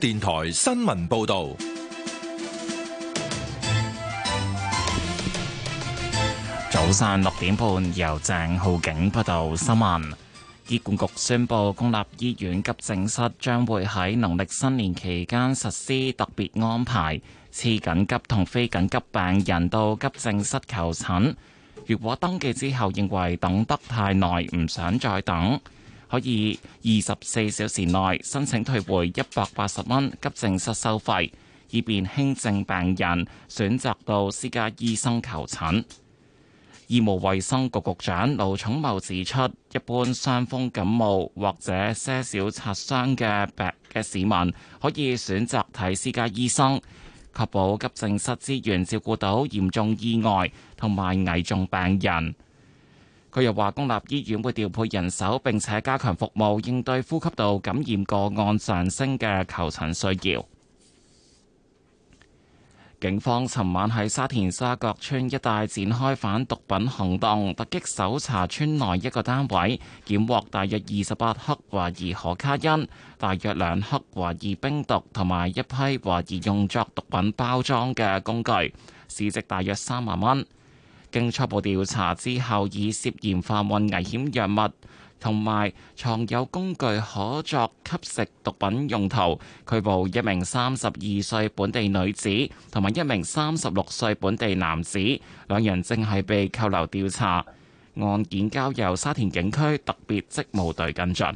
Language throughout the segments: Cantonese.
電台新聞報道，早上六點半由鄭浩景報道新聞。醫管局宣佈，公立醫院急症室將會喺農曆新年期間實施特別安排，次緊急同非緊急病人到急症室求診。如果登記之後認為等得太耐，唔想再等。可以二十四小時內申請退回一百八十蚊急症室收費，以便輕症病人選擇到私家醫生求診。醫務衛生局局長盧寵茂指出，一般傷風感冒或者些少擦傷嘅病嘅市民，可以選擇睇私家醫生，確保急症室資源照顧到嚴重意外同埋危重病人。佢又話公立醫院會調配人手，並且加強服務，應對呼吸道感染個案上升嘅求診需要。警方尋晚喺沙田沙角村一帶展開反毒品行動，突擊搜查村內一個單位，檢獲大約二十八克懷疑可卡因，大約兩克懷疑冰毒，同埋一批懷疑用作毒品包裝嘅工具，市值大約三萬蚊。經初步調查之後，以涉嫌販運危險藥物同埋藏有工具可作吸食毒品用途，拘捕一名三十二歲本地女子同埋一名三十六歲本地男子，兩人正係被扣留調查。案件交由沙田警區特別職務隊跟進。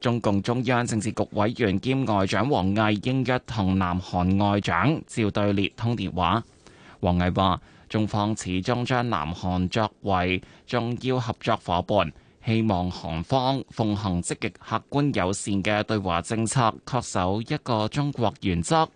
中共中央政治局委員兼外長王毅應約同南韓外長趙兌烈通電話。王毅話，中方始終將南韓作為重要合作伙伴，希望韓方奉行積極、客觀友善嘅對華政策，恪守一個中國原則，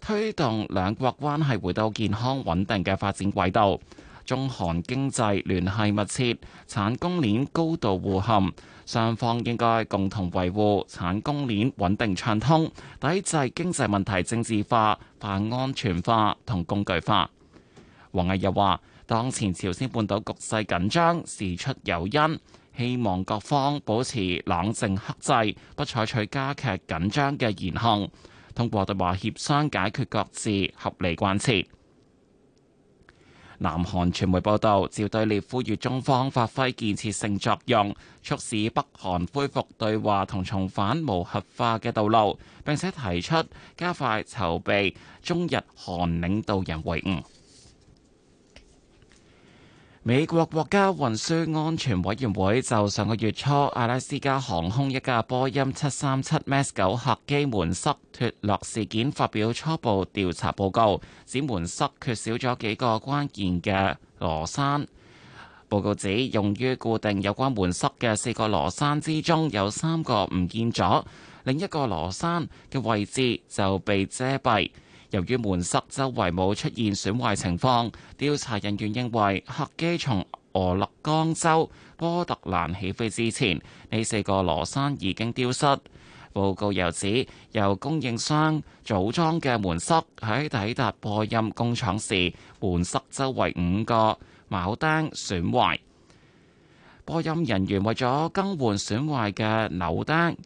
推動兩國關係回到健康穩定嘅發展軌道。中韓經濟聯繫密切，產供鏈高度互嵌，雙方應該共同維護產供鏈穩定暢通，抵制經濟問題政治化、反安全化同工具化。王毅又話，當前朝鮮半島局勢緊張，事出有因，希望各方保持冷靜克制，不採取加劇緊張嘅言行，通過對話協商解決各自合理關切。南韓傳媒報道，趙對烈呼籲中方發揮建設性作用，促使北韓恢復對話同重返無核化嘅道路。並且提出加快籌備中日韓領導人會晤。美國國家運輸安全委員會就上個月初阿拉斯加航空一架波音七三七 MAX 九客機門塞脱落事件發表初步調查報告，指門塞缺少咗幾個關鍵嘅螺栓。報告指，用於固定有關門塞嘅四個螺栓之中，有三個唔見咗，另一個螺栓嘅位置就被遮蔽。由於門塞周圍冇出現損壞情況，調查人員認為客機從俄勒岡州波特蘭起飛之前，呢四個螺栓已經丟失。報告又指，由供應商組裝嘅門塞喺抵達波音工廠時，門塞周圍五個鉚釘損壞。波音人員為咗更換損壞嘅鉚釘。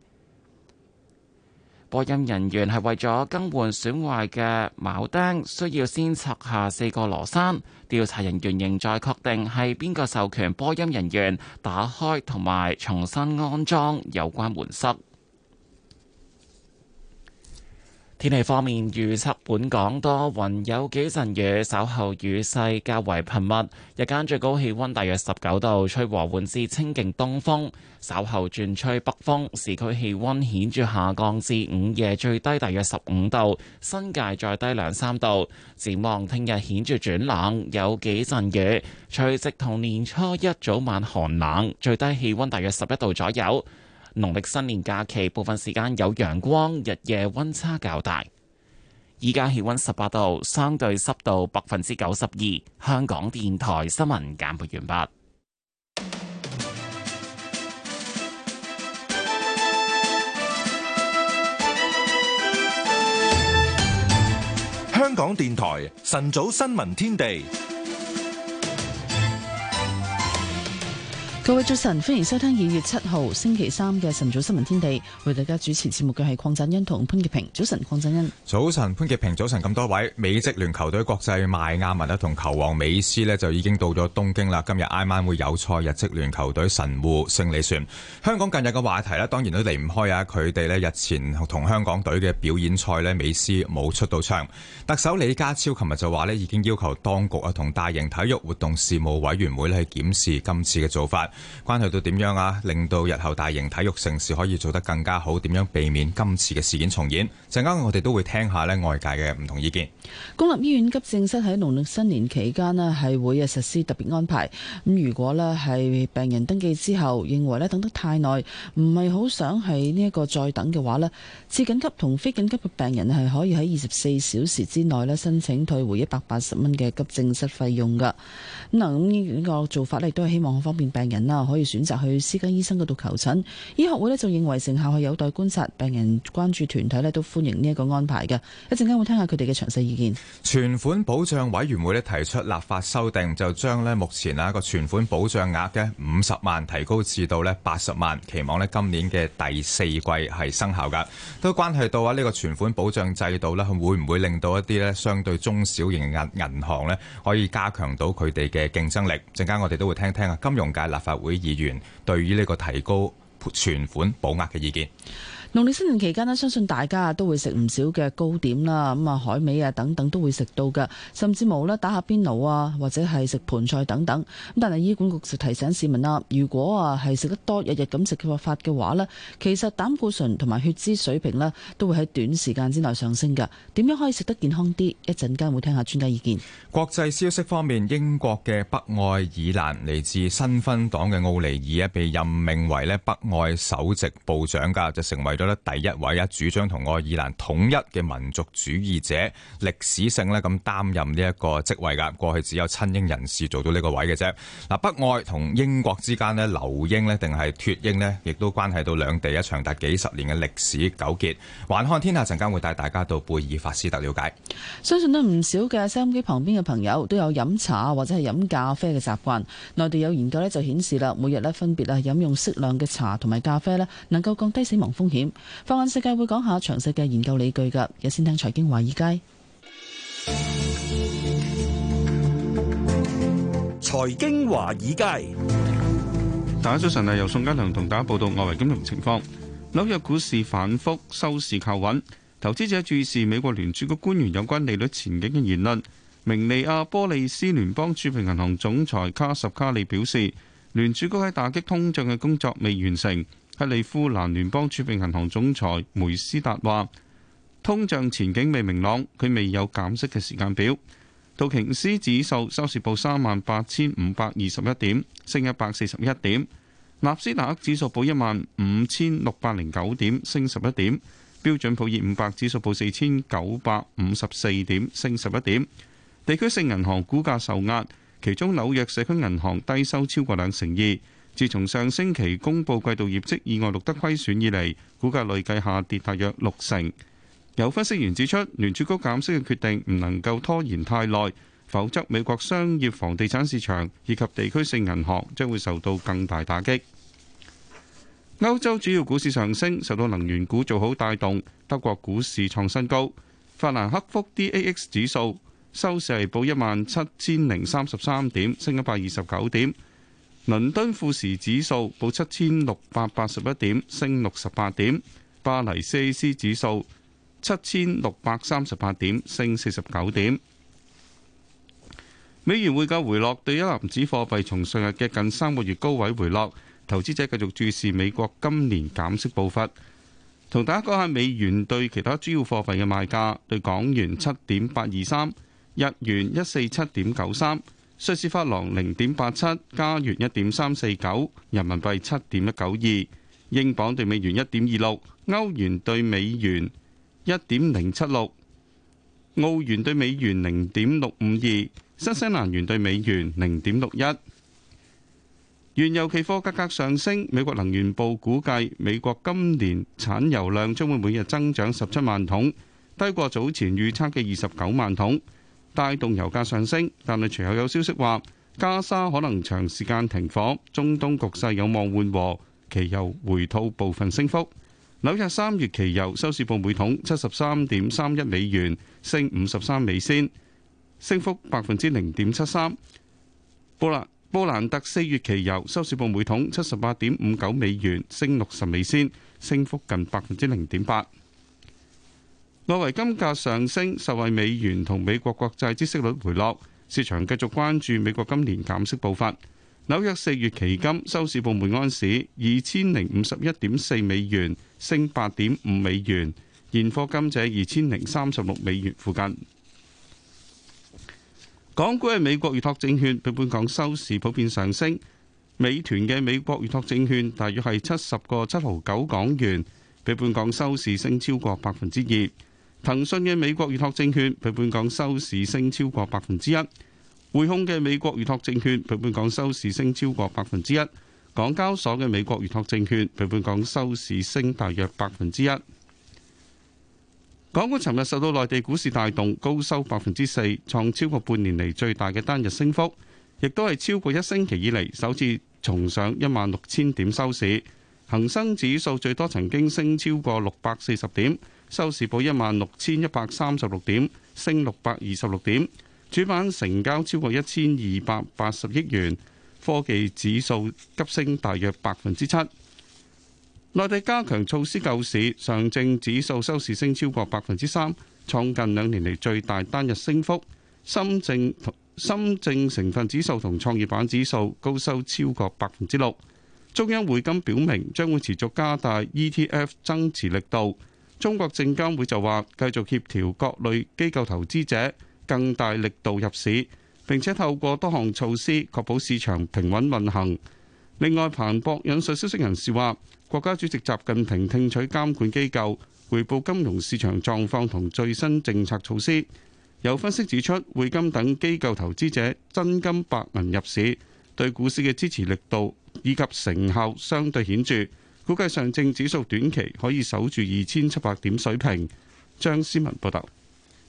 波音人員係為咗更換損壞嘅鉚釘，需要先拆下四個螺栓。調查人員仍在確定係邊個授權波音人員打開同埋重新安裝有關門塞。天氣方面，預測本港多雲，有幾陣雨，稍後雨勢較為頻密。日間最高氣溫大約十九度，吹和緩至清勁東風，稍後轉吹北風。市區氣溫顯著下降至午夜最低大約十五度，新界再低兩三度。展望聽日顯著轉冷，有幾陣雨，除夕同年初一早晚寒冷，最低氣溫大約十一度左右。農曆新年假期部分時間有陽光，日夜溫差較大。依家氣溫十八度，相對濕度百分之九十二。香港電台新聞簡報完畢。香港電台晨早新聞天地。各位早晨，歡迎收聽二月七號星期三嘅晨早新聞天地。為大家主持的節目嘅係鄺振恩同潘潔平。早晨，鄺振恩。早晨，潘潔平。早晨，咁多位美職聯球隊國際邁阿密啊同球王美斯呢，就已經到咗東京啦。今日挨晚會有賽，日職聯球隊神戶勝利船。香港近日嘅話題呢，當然都離唔開啊！佢哋呢，日前同香港隊嘅表演賽呢，美斯冇出到場。特首李家超琴日就話呢，已經要求當局啊同大型體育活動事務委員會呢去檢視今次嘅做法。關係到點樣啊？令到日後大型體育盛事可以做得更加好，點樣避免今次嘅事件重演？陣間我哋都會聽下咧外界嘅唔同意見。公立醫院急症室喺農曆新年期間咧係會實施特別安排。咁如果咧係病人登記之後認為咧等得太耐，唔係好想喺呢一個再等嘅話，呢次緊急同非緊急嘅病人係可以喺二十四小時之內咧申請退回一百八十蚊嘅急症室費用噶。咁啊，咁呢個做法咧亦都係希望很方便病人，可以選擇去私家醫生嗰度求診。醫學會呢，就認為成效係有待觀察，病人關注團體呢，都歡迎呢一個安排嘅。一陣間會聽下佢哋嘅詳細意見。存款保障委員會呢提出立法修訂，就將呢目前啊個存款保障額嘅五十萬提高至到呢八十萬，期望呢今年嘅第四季係生效嘅。都關係到啊呢個存款保障制度呢，會唔會令到一啲呢相對中小型銀銀行呢，可以加強到佢哋嘅競爭力？陣間我哋都會聽聽啊金融界立法。立法會議員對於呢個提高存款保額嘅意見。農曆新年期間咧，相信大家啊都會食唔少嘅糕點啦，咁啊海味啊等等都會食到㗎，甚至冇咧打下邊爐啊，或者係食盤菜等等。咁但係醫管局就提醒市民啊，如果啊係食得多，日日咁食嘅話嘅話咧，其實膽固醇同埋血脂水平咧都會喺短時間之內上升㗎。點樣可以食得健康啲？一陣間會聽下專家意見。國際消息方面，英國嘅北愛爾蘭嚟自新芬黨嘅奧尼爾啊，被任命為咧北愛首席部長噶，就成為咗。第一位啊，主張同愛爾蘭統一嘅民族主義者，歷史性咧咁擔任呢一個職位噶。過去只有親英人士做到呢個位嘅啫。嗱，北愛同英國之間咧留英咧定係脫英咧，亦都關係到兩地一長達幾十年嘅歷史糾結。環看天下陣間會帶大家到貝爾法斯特了解。相信咧唔少嘅收音機旁邊嘅朋友都有飲茶或者係飲咖啡嘅習慣。內地有研究咧就顯示啦，每日咧分別啊飲用適量嘅茶同埋咖啡咧，能夠降低死亡風險。放眼世界，會講下詳細嘅研究理據噶。有先聽財經華爾街。財經華爾街，大家早晨啊！由宋嘉良同大家報道外圍金融情況。紐約股市反覆收市靠穩，投資者注視美國聯儲局官員有關利率前景嘅言論。明尼阿波利斯聯邦儲備銀行總裁卡什卡利表示，聯儲局喺打擊通脹嘅工作未完成。克利夫蘭聯邦儲備銀行總裁梅斯達話：通脹前景未明朗，佢未有減息嘅時間表。道瓊斯指數收市報三萬八千五百二十一點，升一百四十一點；納斯達克指數報一萬五千六百零九點，升十一點；標準普爾五百指數報四千九百五十四點，升十一點。地區性銀行股價受壓，其中紐約社區銀行低收超過兩成二。自從上星期公布季度業績意外錄得虧損以嚟，股價累計下跌大約六成。有分析員指出，聯儲局減息嘅決定唔能夠拖延太耐，否則美國商業房地產市場以及地區性銀行將會受到更大打擊。歐洲主要股市上升，受到能源股做好帶動，德國股市創新高，法蘭克福 DAX 指數收市係報一萬七千零三十三點，升一百二十九點。倫敦富時指數報七千六百八十一點，升六十八點；巴黎 CAC 指數七千六百三十八點，升四十九點。美元匯價回落，對一籃子貨幣從上日嘅近三個月高位回落，投資者繼續注視美國今年減息步伐。同大家講下美元對其他主要貨幣嘅賣價：對港元七點八二三，日元一四七點九三。瑞士法郎零點八七，加元一點三四九，人民幣七點一九二，英鎊兌美元一點二六，歐元兌美元一點零七六，澳元兌美元零點六五二，新西蘭元兌美元零點六一。原油期貨價格上升，美國能源部估計，美國今年產油量將會每日增長十七萬桶，低過早前預測嘅二十九萬桶。帶動油價上升，但係隨後有消息話加沙可能長時間停火，中東局勢有望緩和，期油回吐部分升幅。紐約三月期油收市報每桶七十三點三一美元，升五十三美仙，升幅百分之零點七三。布蘭布蘭特四月期油收市報每桶七十八點五九美元，升六十美仙，升幅近百分之零點八。外圍金價上升，受惠美元同美國國債息率回落，市場繼續關注美國今年減息步伐。紐約四月期金收市報每安士二千零五十一點四美元，升八點五美元，現貨金則二千零三十六美元附近。港股嘅美國預託證券，比本港收市普遍上升。美團嘅美國預託證券大約係七十個七毫九港元，比本港收市升超過百分之二。騰訊嘅美國預託證券喺本港收市升超過百分之一，匯控嘅美國預託證券喺本港收市升超過百分之一，港交所嘅美國預託證券喺本港收市升大約百分之一。港股尋日受到內地股市帶動，高收百分之四，創超過半年嚟最大嘅單日升幅，亦都係超過一星期以嚟首次重上一萬六千點收市。恒生指數最多曾經升超過六百四十點。收市報一萬六千一百三十六點，升六百二十六點。主板成交超過一千二百八十億元。科技指數急升大約百分之七。內地加強措施救市，上證指數收市升超過百分之三，創近兩年嚟最大單日升幅。深證深證成分指數同創業板指數高收超過百分之六。中央匯金表明將會持續加大 ETF 增持力度。中國證監會就話，繼續協調各類機構投資者更大力度入市，並且透過多項措施確保市場平穩運行。另外，彭博引述消息人士話，國家主席習近平聽取監管機構匯報金融市場狀況同最新政策措施。有分析指出，匯金等機構投資者真金白銀入市，對股市嘅支持力度以及成效相對顯著。估計上證指數短期可以守住二千七百點水平。張思文報道，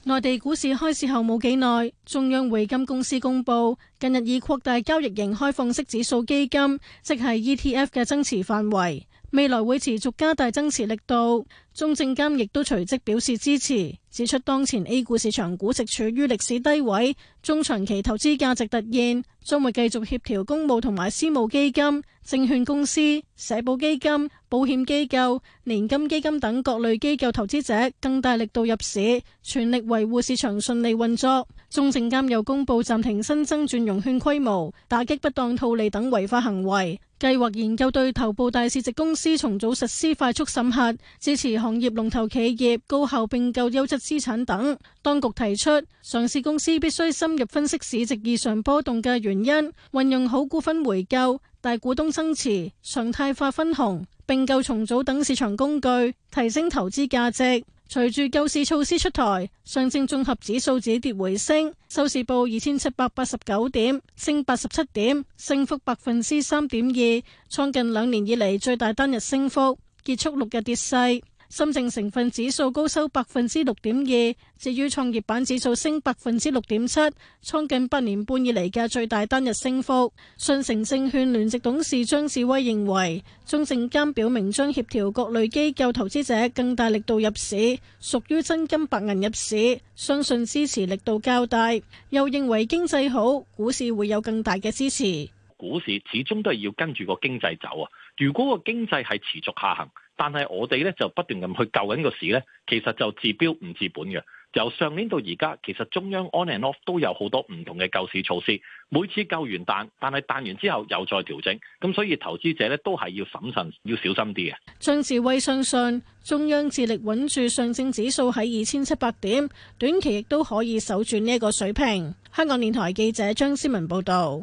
內地股市開市後冇幾耐，中央匯金公司公布，近日已擴大交易型開放式指數基金，即係 ETF 嘅增持範圍。未來會持續加大增持力度，中證監亦都隨即表示支持，指出當前 A 股市場估值處於歷史低位，中長期投資價值突現，將會繼續協調公募同埋私募基金、證券公司、社保基金、保險機構、年金基金等各類機構投資者更大力度入市，全力維護市場順利運作。中證監又公布暫停新增轉融券規模，打擊不當套利等違法行為。計劃研究對頭部大市值公司重組實施快速審核，支持行業龍頭企業高效併購優質資產等。當局提出，上市公司必須深入分析市值異常波動嘅原因，運用好股份回購、大股東增持、常態化分紅、併購重組等市場工具，提升投資價值。隨住救市措施出台，上證綜合指數止跌回升，收市報二千七百八十九點，升八十七點，升幅百分之三點二，創近兩年以嚟最大單日升幅，結束六日跌勢。深證成分指數高收百分之六點二，至於創業板指數升百分之六點七，創近八年半以嚟嘅最大單日升幅。信誠證券聯席董事張志威認為，中證監表明將協調各類機構投資者更大力度入市，屬於真金白銀入市，相信支持力度較大。又認為經濟好，股市會有更大嘅支持。股市始終都係要跟住個經濟走啊！如果個經濟係持續下行，但係我哋咧就不斷咁去救緊呢個市呢，其實就治標唔治本嘅。由上年到而家，其實中央 on and off 都有好多唔同嘅救市措施。每次救完彈，但係彈完之後又再調整，咁所以投資者呢，都係要審慎，要小心啲嘅。張志威相信，信中央致力穩住上證指數喺二千七百點，短期亦都可以守住呢一個水平。香港電台記者張思文報道。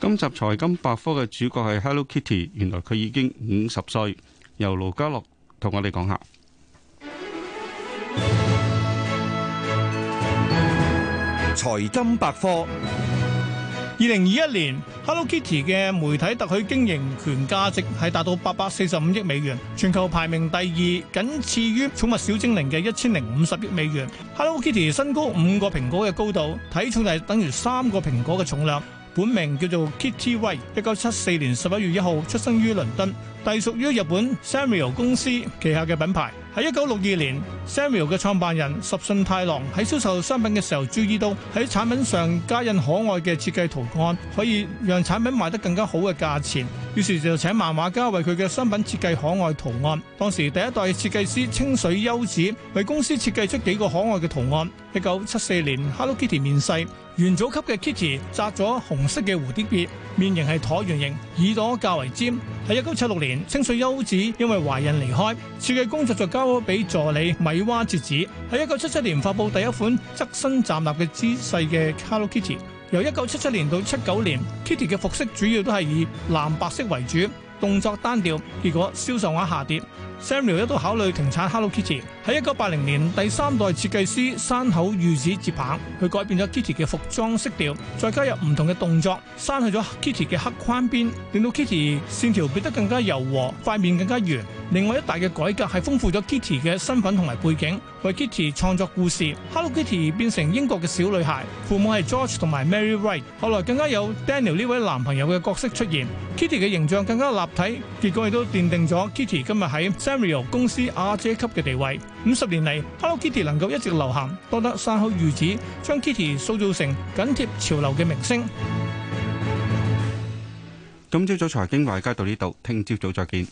今集《財金百科》嘅主角係 Hello Kitty，原來佢已經五十歲。由盧家樂同我哋講下財金百科。二零二一年，Hello Kitty 嘅媒體特許經營權價值係達到八百四十五億美元，全球排名第二，僅次於寵物小精靈嘅一千零五十億美元。Hello Kitty 身高五個蘋果嘅高度，體重係等於三個蘋果嘅重量。本名叫做 Kitty White，一九七四年十一月一號出生於倫敦，隸屬於日本 Samuel 公司旗下嘅品牌。喺一九六二年，Samuel 嘅創辦人十信太郎喺銷售商品嘅時候，注意到喺產品上加印可愛嘅設計圖案可以讓產品賣得更加好嘅價錢，於是就請漫畫家為佢嘅新品設計可愛圖案。當時第一代設計師清水優子為公司設計出幾個可愛嘅圖案。一九七四年，Hello Kitty 面世。元祖級嘅 Kitty 紮咗紅色嘅蝴蝶結，面型係橢圓形，耳朵較為尖。喺1976年，清水優子因為懷孕離開，設計工作就交咗俾助理米娃哲子，喺1977年發佈第一款側身站立嘅姿勢嘅 Hello Kitty。由1977年到79年，Kitty 嘅服飾主要都係以藍白色為主，動作單調，結果銷售額下跌。Samuel 一度考慮停產 Hello Kitty。喺一九八零年，第三代設計師山口裕子接棒，佢改變咗 Kitty 嘅服裝色調，再加入唔同嘅動作，刪去咗 Kitty 嘅黑框邊，令到 Kitty 線條變得更加柔和，塊面更加圓。另外一大嘅改革係豐富咗 Kitty 嘅身份同埋背景，為 Kitty 創作故事。Hello Kitty 變成英國嘅小女孩，父母係 George 同埋 Mary Wright。後來更加有 Daniel 呢位男朋友嘅角色出現，Kitty 嘅形象更加立體，結果亦都奠定咗 Kitty 今日喺 Samuel 公司阿姐級嘅地位，五十年嚟 Hello Kitty 能夠一直流行，多得山口裕子將 Kitty 塑造成緊貼潮流嘅明星。今朝早財經外街到呢度，聽朝早再見。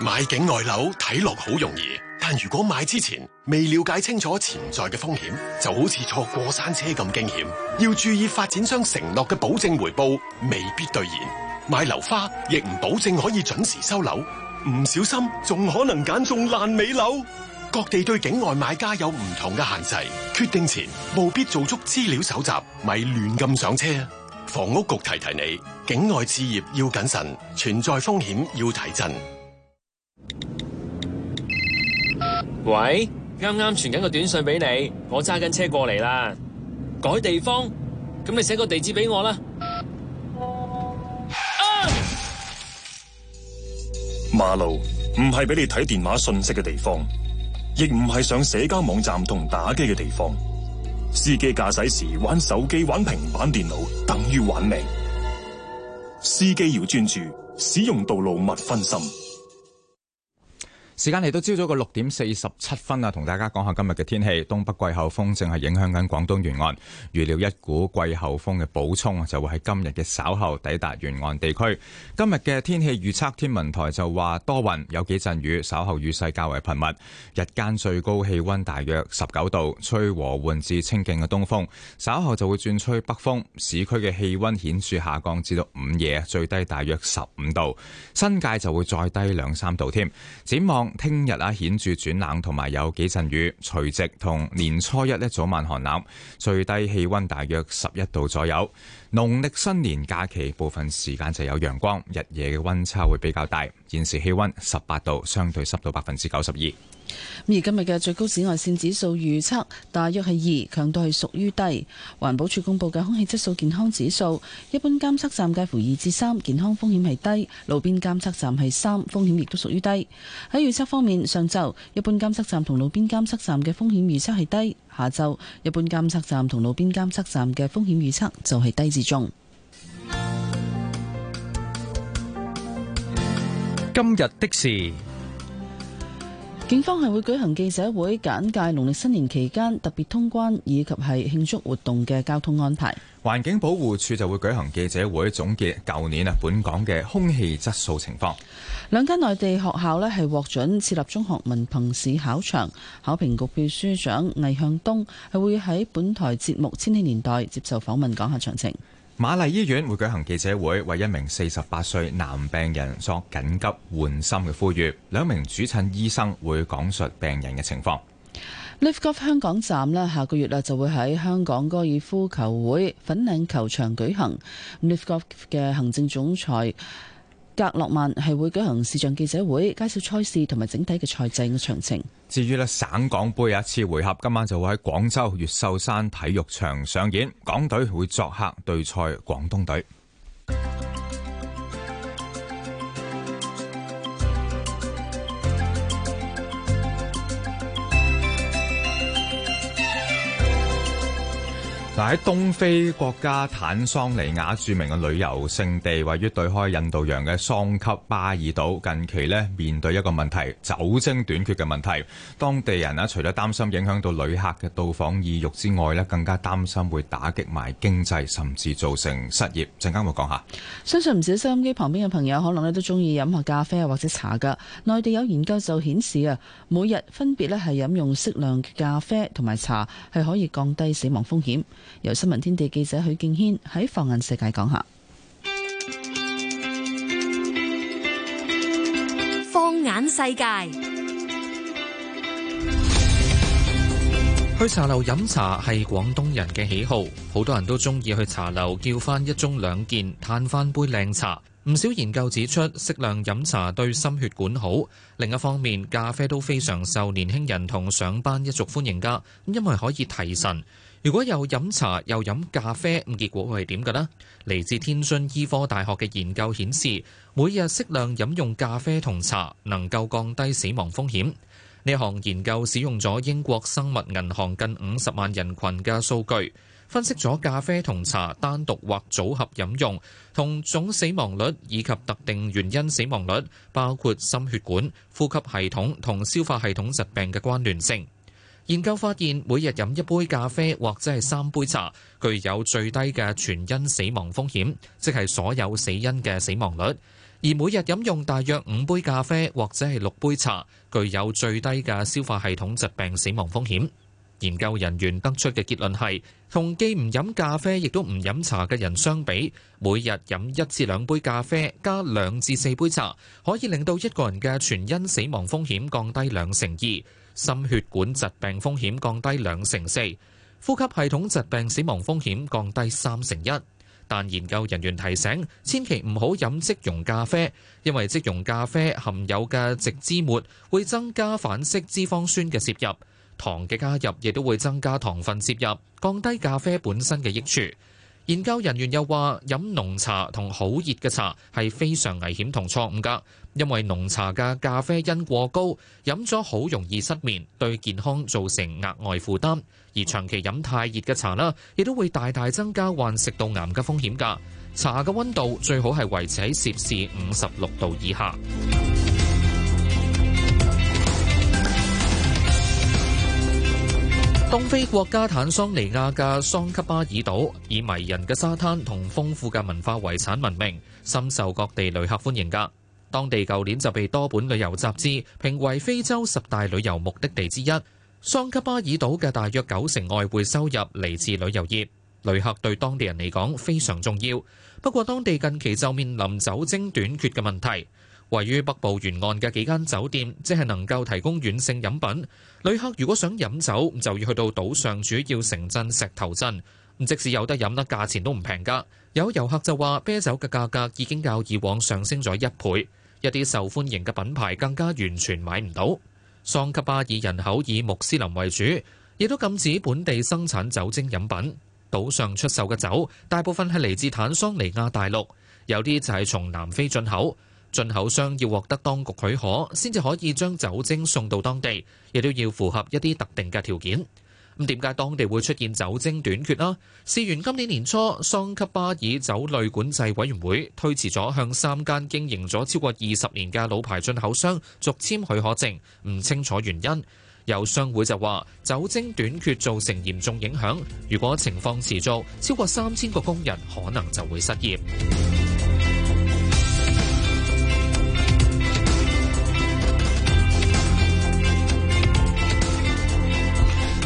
買境外樓睇落好容易，但如果買之前未了解清楚潛在嘅風險，就好似坐過山車咁驚險。要注意發展商承諾嘅保證回報未必兌現，買樓花亦唔保證可以準時收樓。唔小心，仲可能揀中爛尾樓，各地對境外買家有唔同嘅限制，決定前務必做足資料搜集，咪亂咁上車。房屋局提提你，境外置業要謹慎，存在風險要提振。喂，啱啱傳緊個短信俾你，我揸緊車過嚟啦，改地方，咁你寫個地址俾我啦。馬路唔係俾你睇電話信息嘅地方，亦唔係上社交網站同打機嘅地方。司機駕駛時玩手機、玩平板電腦，等於玩命。司機要專注，使用道路勿分心。時間嚟到朝早嘅六點四十七分啊，同大家講下今日嘅天氣。東北季候風正係影響緊廣東沿岸，預料一股季候風嘅補充就會喺今日嘅稍後抵達沿岸地區。今日嘅天氣預測，天文台就話多雲，有幾陣雨，稍後雨勢較為頻密。日間最高氣溫大約十九度，吹和緩至清勁嘅東風，稍後就會轉吹北風。市區嘅氣溫顯著下降至到午夜，最低大約十五度，新界就會再低兩三度添。展望。聽日啊，顯著轉冷，同埋有幾陣雨，除夕同年初一呢，早晚寒冷，最低氣溫大約十一度左右。農曆新年假期部分時間就有陽光，日夜嘅溫差會比較大。現時氣溫十八度，相對濕度百分之九十二。而今日嘅最高紫外綫指數預測大約係二，強度係屬於低。環保署公布嘅空氣質素健康指數，一般監測站介乎二至三，健康風險係低；路邊監測站係三，風險亦都屬於低。喺預測方面，上晝一般監測站同路邊監測站嘅風險預測係低。下週一般監測站同路邊監測站嘅風險預測就係低至中。今日的事，警方係會舉行記者會，簡介農曆新年期間特別通關以及係慶祝活動嘅交通安排。環境保護署就會舉行記者會，總結舊年啊本港嘅空氣質素情況。兩間內地學校咧係獲准設立中學文憑試考場，考評局秘書長魏向東係會喺本台節目《千禧年代》接受訪問，講下詳情。瑪麗醫院會舉行記者會，為一名四十八歲男病人作緊急換心嘅呼籲，兩名主診醫生會講述病人嘅情況。LIV Golf 香港站呢，下個月呢就會喺香港哥爾夫球會粉嶺球場舉行。LIV Golf 嘅行政總裁格洛曼係會舉行視像記者會，介紹賽事同埋整體嘅賽制嘅詳情。至於呢省港杯一次回合，今晚就會喺廣州越秀山體育場上演，港隊會作客對賽廣東隊。嗱，喺東非國家坦桑尼亞著名嘅旅遊勝地，位於對開印度洋嘅桑給巴爾島，近期咧面對一個問題，酒精短缺嘅問題。當地人除咗擔心影響到旅客嘅到訪意欲之外，更加擔心會打擊埋經濟，甚至造成失業。陣間會我講下。相信唔少收音機旁邊嘅朋友，可能咧都中意飲下咖啡或者茶噶。內地有研究就顯示啊，每日分別咧係飲用適量嘅咖啡同埋茶，係可以降低死亡風險。由新聞天地記者許敬軒喺放眼世界講下，放眼世界去茶樓飲茶係廣東人嘅喜好，好多人都中意去茶樓叫翻一盅兩件，嘆翻杯靚茶。唔少研究指出，適量飲茶對心血管好。另一方面，咖啡都非常受年輕人同上班一族歡迎㗎，因為可以提神。如果又飲茶又飲咖啡，結果會係點嘅呢？嚟自天津醫科大學嘅研究顯示，每日適量飲用咖啡同茶能夠降低死亡風險。呢項研究使用咗英國生物銀行近五十萬人羣嘅數據，分析咗咖啡同茶單獨或組合飲用同總死亡率以及特定原因死亡率，包括心血管、呼吸系統同消化系統疾病嘅關聯性。研究發現，每日飲一杯咖啡或者係三杯茶，具有最低嘅全因死亡風險，即係所有死因嘅死亡率；而每日飲用大約五杯咖啡或者係六杯茶，具有最低嘅消化系統疾病死亡風險。研究人員得出嘅結論係，同既唔飲咖啡亦都唔飲茶嘅人相比，每日飲一至兩杯咖啡加兩至四杯茶，可以令到一個人嘅全因死亡風險降低兩成二，心血管疾病風險降低兩成四，呼吸系統疾病死亡風險降低三成一。但研究人員提醒，千祈唔好飲即溶咖啡，因為即溶咖啡含有嘅植脂末會增加反式脂肪酸嘅攝入，糖嘅加入亦都會增加糖分攝入，降低咖啡本身嘅益處。研究人員又話，飲濃茶同好熱嘅茶係非常危險同錯誤㗎。因為濃茶嘅咖啡因過高，飲咗好容易失眠，對健康造成額外負擔。而長期飲太熱嘅茶啦，亦都會大大增加患食道癌嘅風險㗎。茶嘅溫度最好係維持喺攝氏五十六度以下。東非國家坦桑尼亞嘅桑給巴爾島，以迷人嘅沙灘同豐富嘅文化遺產聞名，深受各地旅客歡迎㗎。當地舊年就被多本旅遊雜誌評為非洲十大旅遊目的地之一。桑給巴爾島嘅大約九成外匯收入嚟自旅遊業，旅客對當地人嚟講非常重要。不過，當地近期就面臨酒精短缺嘅問題。位於北部沿岸嘅幾間酒店只係能夠提供軟性飲品，旅客如果想飲酒，就要去到島上主要城鎮石頭鎮。咁即使有得飲啦，價錢都唔平㗎。有遊客就話，啤酒嘅價格已經較以往上升咗一倍。一啲受歡迎嘅品牌更加完全買唔到。桑給巴爾人口以穆斯林為主，亦都禁止本地生產酒精飲品。島上出售嘅酒大部分係嚟自坦桑尼亞大陸，有啲就係從南非進口。進口商要獲得當局許可，先至可以將酒精送到當地，亦都要符合一啲特定嘅條件。咁點解當地會出現酒精短缺呢？事源今年年初，桑給巴爾酒類管制委員會推遲咗向三間經營咗超過二十年嘅老牌進口商續簽許可證，唔清楚原因。有商會就話，酒精短缺造成嚴重影響，如果情況持續，超過三千個工人可能就會失業。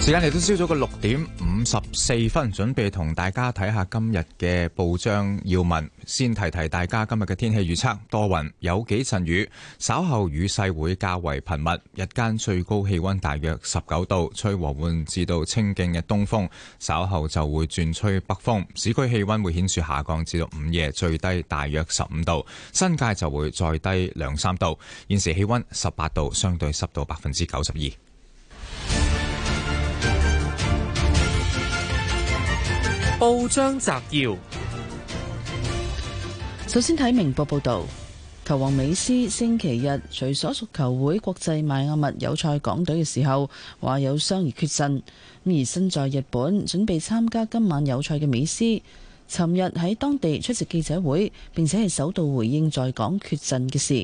時間嚟到朝早嘅六點五十四分，準備同大家睇下今日嘅報章要聞。先提提大家今日嘅天氣預測：多雲，有幾陣雨，稍後雨勢會較為頻密。日間最高氣溫大約十九度，吹和緩至到清勁嘅東風，稍後就會轉吹北風。市區氣溫會顯著下降至到午夜，最低大約十五度，新界就會再低兩三度。現時氣溫十八度，相對濕度百分之九十二。報章摘要：首先睇明報報道，球王美斯星期日隨所屬球會國際邁阿密友賽港隊嘅時候，話有傷而缺陣。咁而身在日本準備參加今晚友賽嘅美斯，尋日喺當地出席記者會，並且係首度回應在港缺陣嘅事。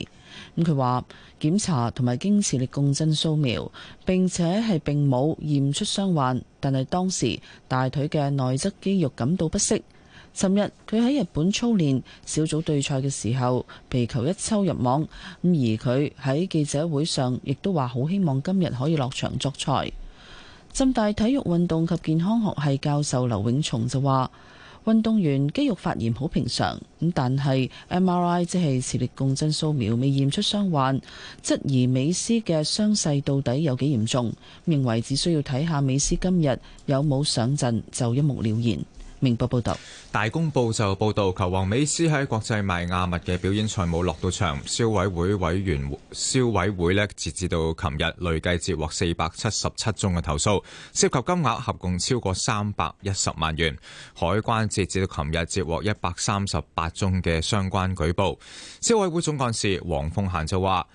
咁佢話。檢查同埋經磁力共振掃描，並且係並冇驗出傷患，但係當時大腿嘅內側肌肉感到不適。尋日佢喺日本操練小組對賽嘅時候，皮球一抽入網咁，而佢喺記者會上亦都話好希望今日可以落場作賽。浸大體育運動及健康學系教授劉永松就話。運動員肌肉發炎好平常，咁但係 M R I 即係磁力共振掃描未驗出傷患，質疑美斯嘅傷勢到底有幾嚴重，認為只需要睇下美斯今日有冇上陣就一目了然。明報報道，大公報就報道，球王美斯喺國際邁阿密嘅表演賽冇落到場。消委會委員消委會呢，截至到琴日累計接獲四百七十七宗嘅投訴，涉及金額合共超過三百一十萬元。海關截至到琴日接獲一百三十八宗嘅相關舉報。消委會總幹事黃鳳嫻就話。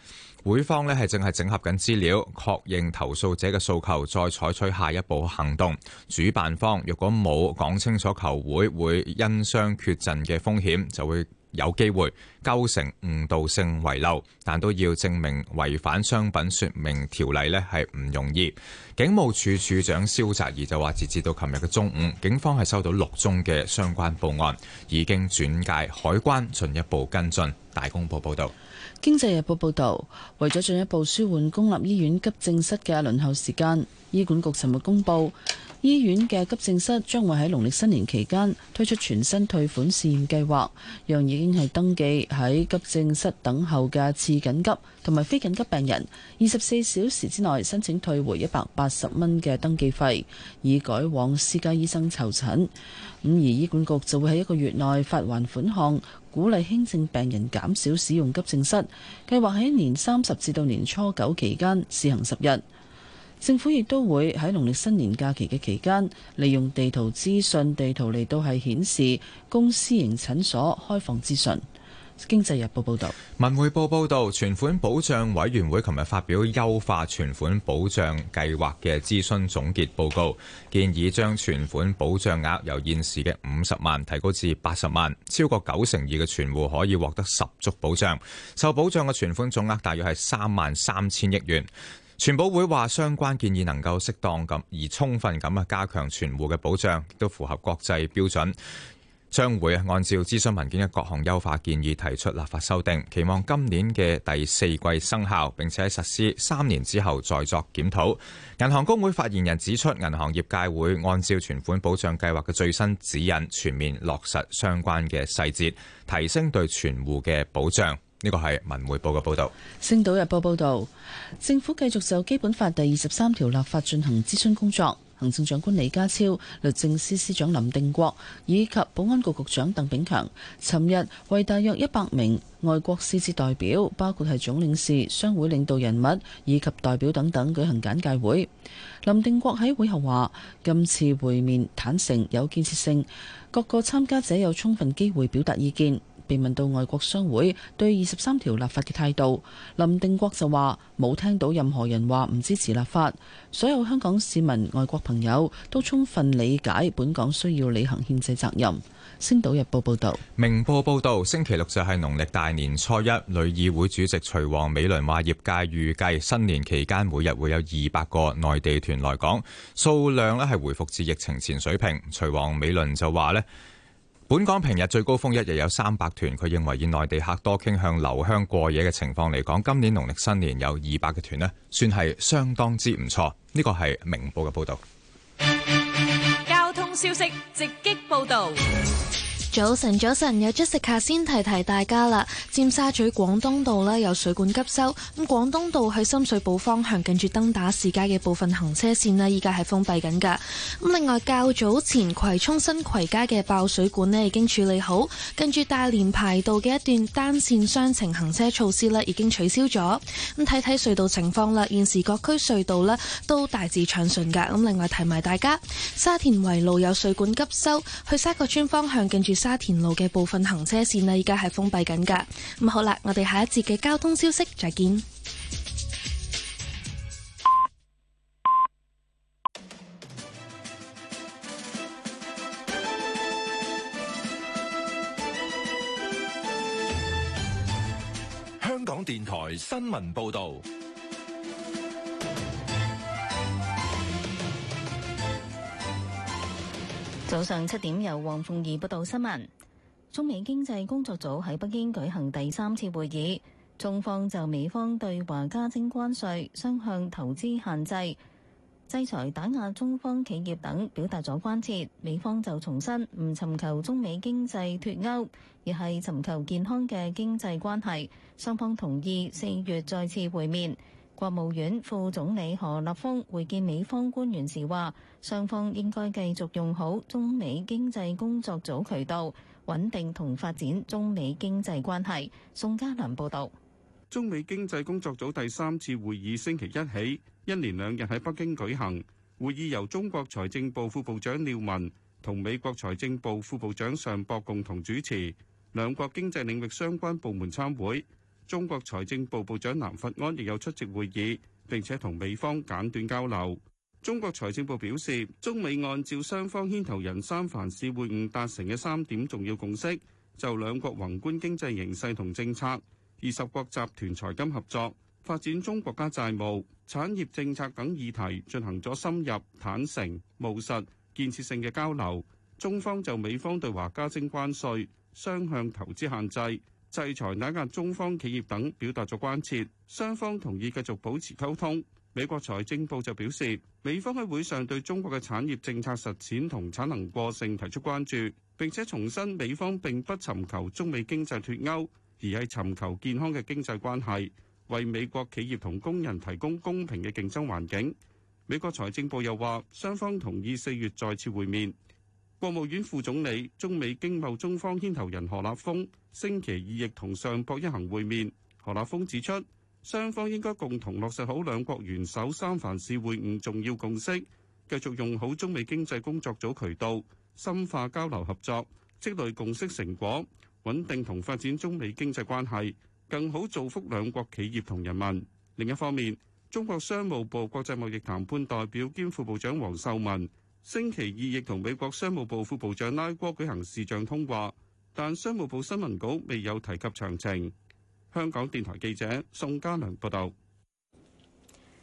會方呢係正係整合緊資料，確認投訴者嘅訴求，再採取下一步行動。主辦方若果冇講清楚球會，會因傷缺陣嘅風險就會有機會構成誤導性遺漏，但都要證明違反商品說明條例呢係唔容易。警務處處長蕭澤頤就話：截至到琴日嘅中午，警方係收到六宗嘅相關報案，已經轉介海關進一步跟進。大公報報道。經濟日報報導，為咗進一步舒緩公立醫院急症室嘅輪候時間，醫管局尋日公佈。醫院嘅急症室將會喺農曆新年期間推出全新退款試驗計劃，讓已經係登記喺急症室等候嘅次緊急同埋非緊急病人，二十四小時之內申請退回一百八十蚊嘅登記費，以改往私家醫生求診。咁而醫管局就會喺一個月內發還款項，鼓勵輕症病人減少使用急症室。計劃喺年三十至到年初九期間試行十日。政府亦都會喺農曆新年假期嘅期間，利用地圖資訊地圖嚟到係顯示公私營診所開放資訊。經濟日報報道，文匯報報道，存款保障委員會琴日發表優化存款保障計劃嘅諮詢總結報告，建議將存款保障額由現時嘅五十萬提高至八十萬，超過九成二嘅存戶可以獲得十足保障，受保障嘅存款總額大約係三萬三千億元。存保會話相關建議能夠適當咁而充分咁啊，加強存戶嘅保障，亦都符合國際標準，將會啊按照諮詢文件嘅各項優化建議提出立法修訂，期望今年嘅第四季生效，並且實施三年之後再作檢討。銀行公會發言人指出，銀行業界會按照存款保障計劃嘅最新指引全面落實相關嘅細節，提升對存戶嘅保障。呢個係文匯報嘅報導。星島日報報導，政府繼續就基本法第二十三條立法進行諮詢工作。行政長官李家超、律政司司，司長林定國以及保安局局長鄧炳強，尋日為大約一百名外國使節代表，包括係總領事、商會領導人物以及代表等等，舉行簡介會。林定國喺會後話：今次會面坦誠有建設性，各個參加者有充分機會表達意見。被問到外國商會對二十三條立法嘅態度，林定國就話：冇聽到任何人話唔支持立法。所有香港市民、外國朋友都充分理解本港需要履行憲制責任。星島日報報道：「明報報道星期六就係農曆大年初一，旅議會主席徐王美倫話：業界預計新年期間每日會有二百個內地團來港，數量咧係回復至疫情前水平。徐王美倫就話呢。本港平日最高峰一日有三百團，佢認為以內地客多傾向留鄉過夜嘅情況嚟講，今年農曆新年有二百嘅團算係相當之唔錯。呢個係明報嘅報道。交通消息直擊報道。早晨，早晨，有 Jessica 先提提大家啦。尖沙咀廣東道咧有水管急修，咁廣東道去深水埗方向近住登打士街嘅部分行車線咧，依家係封閉緊噶。咁另外較早前，前葵涌新葵街嘅爆水管咧已經處理好，跟住大連排道嘅一段單線雙程行車措施咧已經取消咗。咁睇睇隧道情況啦，現時各區隧道咧都大致暢順噶。咁另外提埋大家，沙田圍路有水管急修去沙角村方向近住。跟沙田路嘅部分行車線呢，而家係封閉緊噶。咁好啦，我哋下一節嘅交通消息再見。香港電台新聞報道。早上七點，由黃鳳儀報道新聞。中美經濟工作組喺北京舉行第三次會議，中方就美方對華加徵關稅、雙向投資限制、制裁打壓中方企業等表達咗關切。美方就重申唔尋求中美經濟脫鉤，而係尋求健康嘅經濟關係。雙方同意四月再次會面。國務院副總理何立峰會見美方官員時話，雙方應該繼續用好中美經濟工作組渠道，穩定同發展中美經濟關係。宋嘉良報導。中美經濟工作組第三次會議星期一起，一連兩日喺北京舉行。會議由中國財政部副部長廖岷同美國財政部副部長尚博共同主持，兩國經濟領域相關部門參會。中國財政部部長藍佛安亦有出席會議，並且同美方簡短交流。中國財政部表示，中美按照雙方牽頭人三藩市會晤達成嘅三點重要共識，就兩國宏觀經濟形勢同政策、二十國集團財金合作、發展中國家債務、產業政策等議題進行咗深入、坦誠、務實、建設性嘅交流。中方就美方對華加徵關稅、雙向投資限制。制裁壓壓中方企業等，表達咗關切。雙方同意繼續保持溝通。美國財政部就表示，美方喺會上對中國嘅產業政策實踐同產能過剩提出關注，並且重申美方並不尋求中美經濟脱鉤，而係尋求健康嘅經濟關係，為美國企業同工人提供公平嘅競爭環境。美國財政部又話，雙方同意四月再次會面。國務院副總理、中美經貿中方牽頭人何立峰，星期二亦同上博一行會面。何立峰指出，雙方應該共同落實好兩國元首三藩市會晤重要共識，繼續用好中美經濟工作組渠道，星期二亦同美國商務部副部長拉哥舉行視像通話，但商務部新聞稿未有提及詳情。香港電台記者宋嘉良報導。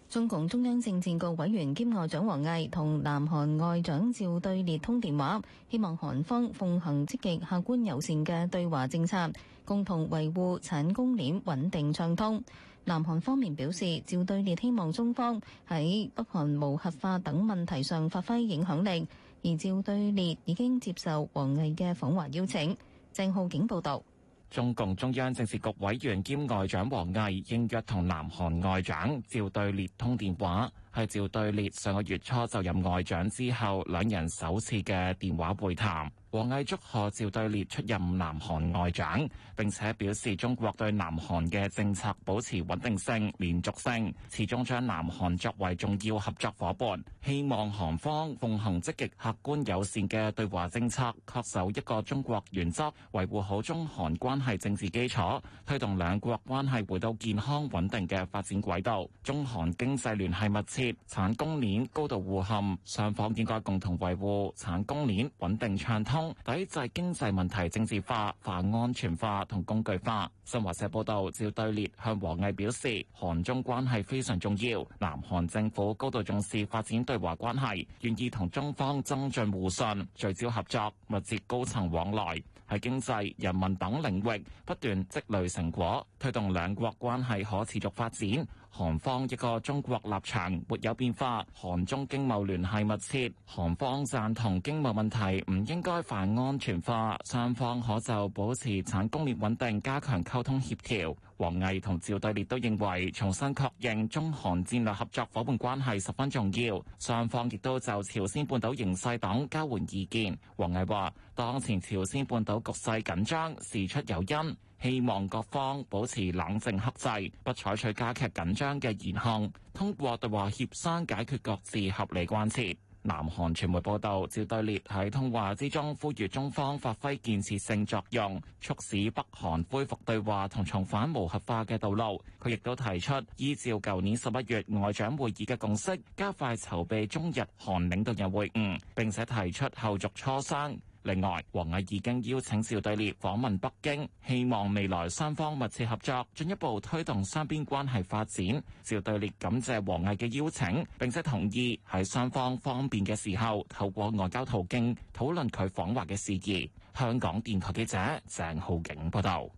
中共中央政治局委員兼外長王毅同南韓外長趙兌烈通電話，希望韓方奉行積極、客觀、友善嘅對華政策，共同維護產供鏈穩定暢通。南韓方面表示，趙對列希望中方喺北韓無核化等問題上發揮影響力。而趙對列已經接受王毅嘅訪華邀請。鄭浩景報道。中共中央政治局委員兼外長王毅應約同南韓外長趙對列通電話，係趙對列上個月初就任外長之後，兩人首次嘅電話會談。王毅祝賀趙對列出任南韓外長，並且表示中國對南韓嘅政策保持穩定性、連續性，始終將南韓作為重要合作夥伴。希望韓方奉行積極、客觀、友善嘅對華政策，恪守一個中國原則，維護好中韓關係政治基礎，推動兩國關係回到健康穩定嘅發展軌道。中韓經濟聯繫密切，產供鏈高度互嵌，雙方應該共同維護產供鏈穩定暢通。抵制經濟問題政治化、反安全化同工具化。新華社報道，趙對列向王毅表示，韓中關係非常重要，南韓政府高度重視發展對華關係，願意同中方增進互信、聚焦合作、密切高層往來，喺經濟、人民等領域不斷積累成果，推動兩國關係可持續發展。韓方一個中國立場沒有變化，韓中經貿聯繫密切，韓方贊同經貿問題唔應該泛安全化，雙方可就保持產供鏈穩定加強溝通協調。王毅同趙兌烈都認為重新確認中韓戰略合作伙伴關係十分重要，雙方亦都就朝鮮半島形勢等交換意見。王毅話：當前朝鮮半島局勢緊張，事出有因。希望各方保持冷靜克制，不採取加劇緊張嘅言行，通過對話協商解決各自合理關切。南韓傳媒報道，趙對烈喺通話之中呼籲中方發揮建設性作用，促使北韓恢復對話同重返無核化嘅道路。佢亦都提出依照舊年十一月外長會議嘅共識，加快籌備中日韓領導人會晤，並且提出後續磋商。另外，王毅已經邀請趙兌烈訪問北京，希望未來三方密切合作，進一步推動三邊關係發展。趙兌烈感謝王毅嘅邀請，並且同意喺三方方便嘅時候，透過外交途徑討論佢訪華嘅事宜。香港電台記者鄭浩景報道。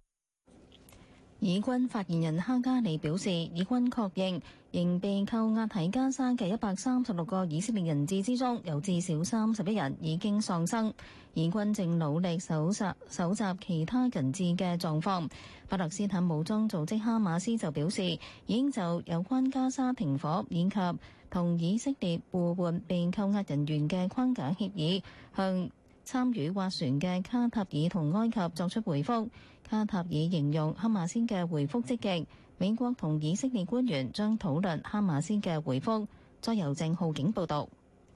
以軍發言人哈加利表示，以軍確認仍被扣押喺加沙嘅一百三十六個以色列人質之中，有至少三十一人已經喪生。以軍正努力搜查搜集其他人質嘅狀況。巴勒斯坦武裝組織哈馬斯就表示，已經就有關加沙停火以及同以色列互換被扣押人員嘅框架協議，向參與斡旋嘅卡塔爾同埃及作出回覆。卡塔爾形容哈馬斯嘅回覆積極，美國同以色列官員將討論哈馬斯嘅回覆。再由鄭浩景報道。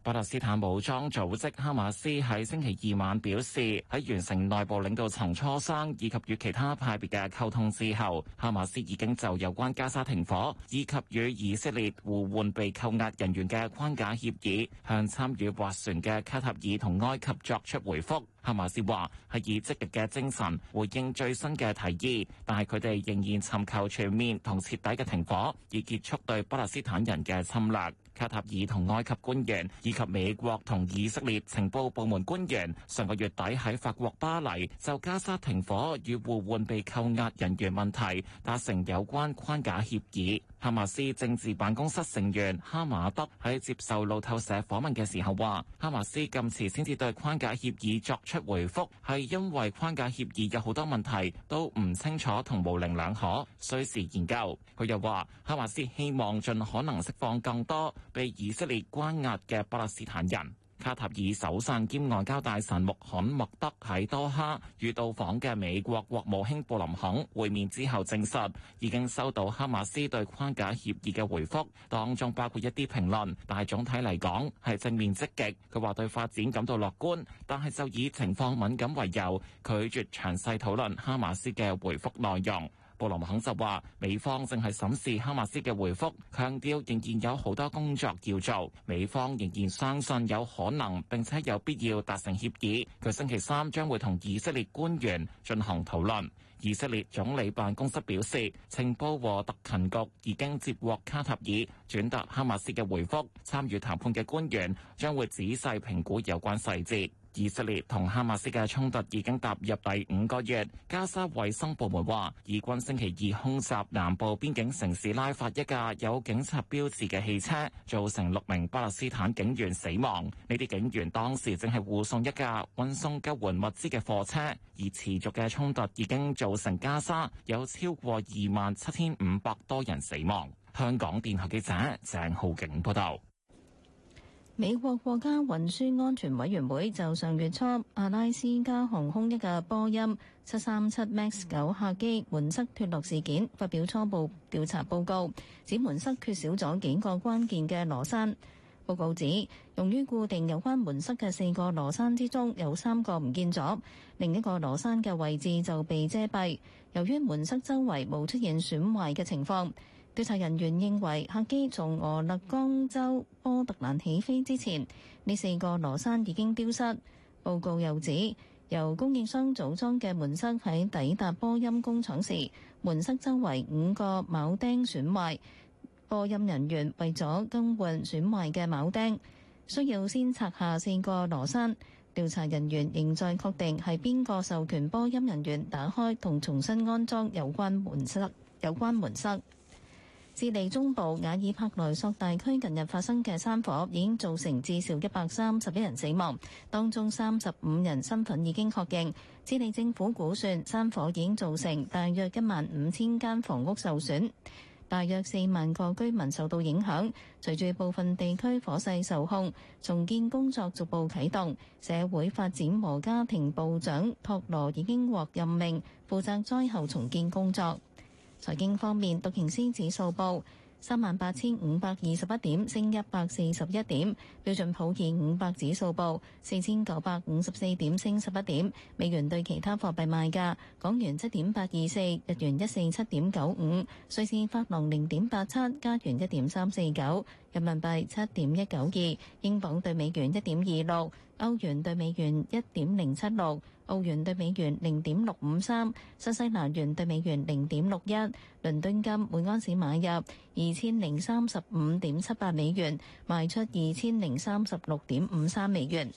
巴勒斯坦武裝組織哈馬斯喺星期二晚表示，喺完成內部領導層磋商以及與其他派別嘅溝通之後，哈馬斯已經就有關加沙停火以及與以色列互換被扣押人員嘅框架協議，向參與斡旋嘅卡塔爾同埃及作出回覆哈馬斯話，係以積極嘅精神回應最新嘅提議，但係佢哋仍然尋求全面同徹底嘅停火，以結束對巴勒斯坦人嘅侵略。卡塔爾同埃及官員以及美國同以色列情報部門官員上個月底喺法國巴黎就加沙停火與互換被扣押人員問題達成有關框架協議。哈馬斯政治辦公室成員哈馬德喺接受路透社訪問嘅時候話，哈馬斯咁遲先至對框架協議作出回覆，係因為框架協議有好多問題都唔清楚同模棱兩可，需時研究。佢又話，哈馬斯希望盡可能釋放更多被以色列關押嘅巴勒斯坦人。卡塔爾首相兼外交大臣穆罕默德喺多哈與到訪嘅美國國務卿布林肯會面之後，證實已經收到哈馬斯對框架協議嘅回覆，當中包括一啲評論，但係總體嚟講係正面積極。佢話對發展感到樂觀，但係就以情況敏感為由拒絕詳細討論哈馬斯嘅回覆內容。布林肯就話：美方正係審視哈馬斯嘅回覆，強調仍然有好多工作要做。美方仍然相信有可能並且有必要達成協議。佢星期三將會同以色列官員進行討論。以色列總理辦公室表示，情報和特勤局已經接獲卡塔爾轉達哈馬斯嘅回覆，參與談判嘅官員將會仔細評估有關細節。以色列同哈馬斯嘅衝突已經踏入第五個月。加沙衛生部門話，以軍星期二空襲南部邊境城市拉法一架有警察標誌嘅汽車，造成六名巴勒斯坦警員死亡。呢啲警員當時正係護送一架運送救援物資嘅貨車。而持續嘅衝突已經造成加沙有超過二萬七千五百多人死亡。香港電台記者鄭浩景報道。美國國家運輸安全委員會就上月初阿拉斯加航空一架波音七三七 MAX 九客機門塞脱落事件發表初步調查報告，指門塞缺少咗幾個關鍵嘅螺栓。報告指，用於固定有關門塞嘅四個螺栓之中，有三個唔見咗，另一個螺栓嘅位置就被遮蔽。由於門塞周圍冇出現損壞嘅情況。.調查人員認為客機從俄勒岡州波特蘭起飛之前，呢四個螺栓已經丟失。報告又指，由供應商組裝嘅門塞喺抵達波音工廠時，門塞周圍五個鉚釘損壞。波音人員為咗更換損壞嘅鉚釘，需要先拆下四個螺栓。調查人員仍在確定係邊個授權波音人員打開同重新安裝有關門塞，有關門塞。智利中部瓦爾帕萊索大區近日發生嘅山火，已經造成至少一百三十一人死亡，當中三十五人身份已經確認。智利政府估算，山火已經造成大約一萬五千間房屋受損，大約四萬個居民受到影響。隨住部分地區火勢受控，重建工作逐步啟動。社會發展和家庭部長托羅已經獲任命，負責災後重建工作。財經方面，道瓊斯指數報三萬八千五百二十一點，升一百四十一點；標準普爾五百指數報四千九百五十四點，升十一點。美元對其他貨幣賣價：港元七點八二四，日元一四七點九五，瑞士法郎零點八七，加元一點三四九，人民幣七點一九二，英鎊對美元一點二六，歐元對美元一點零七六。澳元兌美元零點六五三，新西蘭元兌美元零點六一，倫敦金每安士買入二千零三十五點七八美元，賣出二千零三十六點五三美元。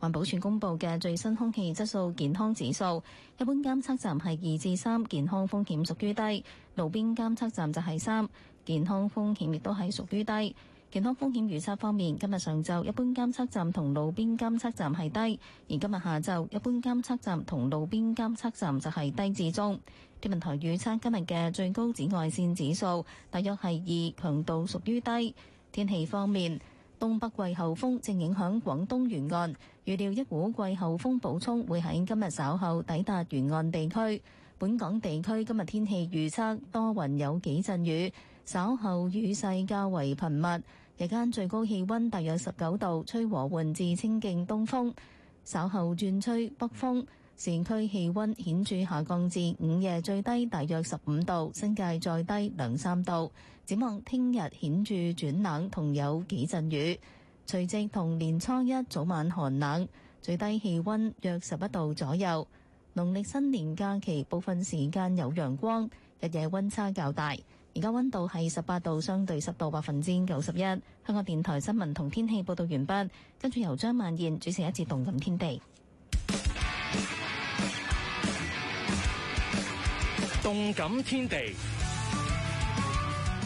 環保署公佈嘅最新空氣質素健康指數，一般監測站係二至三，健康風險屬於低；路邊監測站就係三，健康風險亦都係屬於低。健康風險預測方面，今日上晝一般監測站同路邊監測站係低，而今日下晝一般監測站同路邊監測站就係低至中。天文台預測今日嘅最高紫外線指數大約係二，強度屬於低。天氣方面，東北季候風正影響廣東沿岸，預料一股季候風補充會喺今日稍後抵達沿岸地區。本港地區今日天，天氣預測多雲有幾陣雨，稍後雨勢較為頻密。日間最高氣溫大約十九度，吹和緩至清勁東風，稍後轉吹北風，市區氣溫顯著下降至午夜最低大約十五度，新界再低兩三度。展望聽日顯著轉冷，同有幾陣雨，除夕同年初一早晚寒冷，最低氣溫約十一度左右。農曆新年假期部分時間有陽光，日夜溫差較大。而家溫度係十八度，相對濕度百分之九十一。香港電台新聞同天氣報道完畢，跟住由張曼燕主持一次動感天地。動感天地。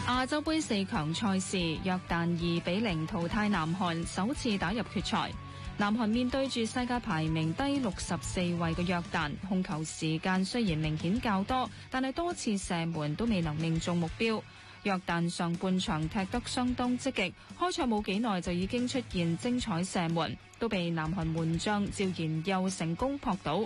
亞洲杯四強賽事，約旦二比零淘汰南韓，首次打入決賽。南韓面對住世界排名低六十四位嘅約旦，控球時間雖然明顯較多，但係多次射門都未能命中目標。約旦上半場踢得相當積極，開賽冇幾耐就已經出現精彩射門，都被南韓門將趙賢佑成功撲倒。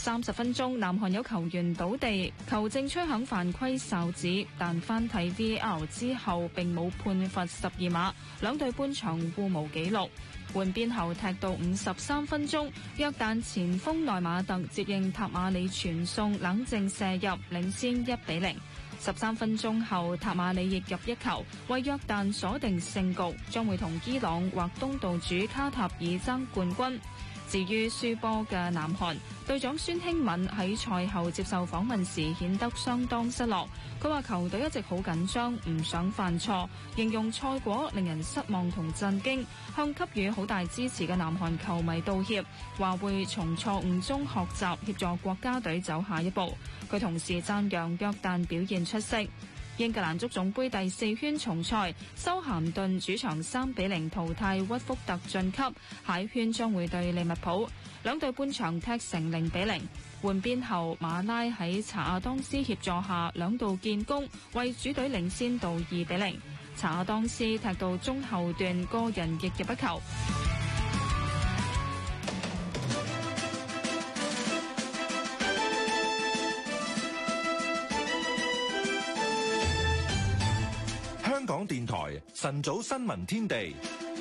三十分鐘，南韓有球員倒地，球證吹響犯規哨子，但翻睇 VAR 之後並冇判罰十二碼。兩隊半場互無紀錄，換邊後踢到五十三分鐘，約旦前鋒內馬特接應塔馬里傳送，冷靜射入，領先一比零。十三分鐘後，塔馬里亦入一球，為約旦鎖定勝局，將會同伊朗或東道主卡塔爾爭冠軍。至於輸波嘅南韓隊長孫興敏喺賽後接受訪問時，顯得相當失落。佢話：球隊一直好緊張，唔想犯錯，形容賽果令人失望同震驚，向給予好大支持嘅南韓球迷道歉，話會從錯誤中學習，協助國家隊走下一步。佢同時讚揚約旦表現出色。英格蘭足總盃第四圈重賽，修咸頓主場三比零淘汰屈福特晉級，下圈將會對利物浦。兩隊半場踢成零比零，換邊後馬拉喺查亞當斯協助下兩度建功，為主隊領先到二比零。查亞當斯踢到中後段，個人亦的入球。香港電台晨早新聞天地。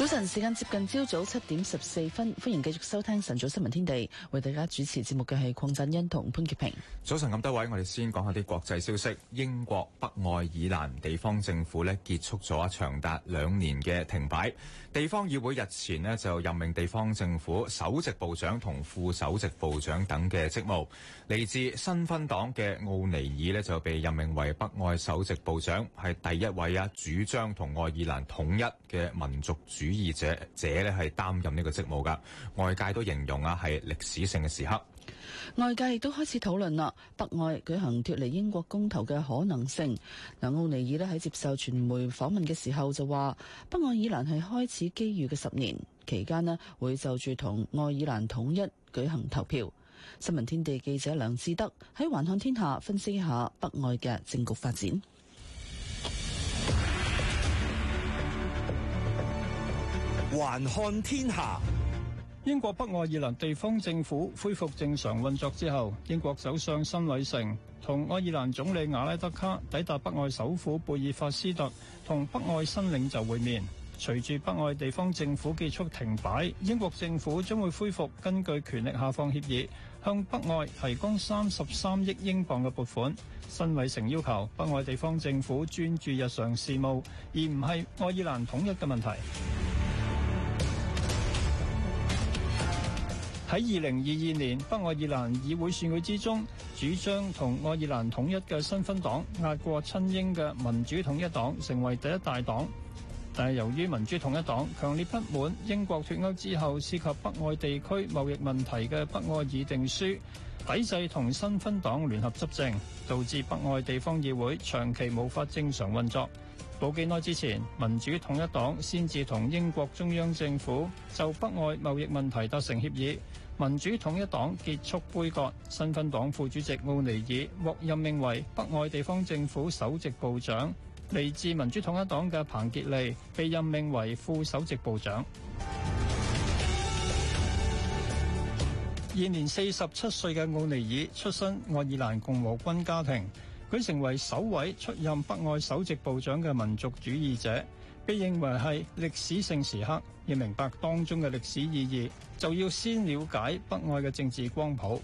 早晨，時間接近朝早七點十四分，歡迎繼續收聽晨早新聞天地。為大家主持節目嘅係鄺振欣同潘潔平。早晨咁多位，我哋先講下啲國際消息。英國北愛爾蘭地方政府咧，結束咗長達兩年嘅停擺。地方議會日前咧，就任命地方政府首席部長同副首席部長等嘅職務。嚟自新芬黨嘅奧尼爾咧，就被任命為北愛首席部長，係第一位啊，主張同愛爾蘭統一嘅民族主主義者，者咧係擔任呢個職務噶，外界都形容啊係歷史性嘅時刻。外界亦都開始討論啦，北愛舉行脫離英國公投嘅可能性。嗱，奧尼爾呢喺接受傳媒訪問嘅時候就話，北愛爾蘭係開始機遇嘅十年期間呢會就住同愛爾蘭統一舉行投票。新聞天地記者梁志德喺《環看天下》分析一下北愛嘅政局發展。還看天下。英國北愛爾蘭地方政府恢復正常運作之後，英國首相新偉成同愛爾蘭總理瓦拉德卡抵達北愛首府貝爾法斯特，同北愛新領袖會面。隨住北愛地方政府結束停擺，英國政府將會恢復根據權力下放協議，向北愛提供三十三億英鎊嘅撥款。新偉成要求北愛地方政府專注日常事務，而唔係愛爾蘭統一嘅問題。喺二零二二年北愛爾蘭議會選舉之中，主張同愛爾蘭統一嘅新芬黨壓過親英嘅民主統一黨成為第一大黨。但係由於民主統一黨強烈不滿英國脫歐之後涉及北愛地區貿易問題嘅北愛爾蘭議定書，抵制同新芬黨聯合執政，導致北愛地方議會長期無法正常運作。冇幾耐之前，民主統一黨先至同英國中央政府就北愛貿易問題達成協議。民主統一黨結束杯葛，新芬黨副主席奧尼爾獲任命為北愛地方政府首席部長，嚟自民主統一黨嘅彭傑利被任命為副首席部長。現年四十七歲嘅奧尼爾出身愛爾蘭共和軍家庭。佢成為首位出任北愛首席部長嘅民族主義者，被認為係歷史性時刻。要明白當中嘅歷史意義，就要先了解北愛嘅政治光譜。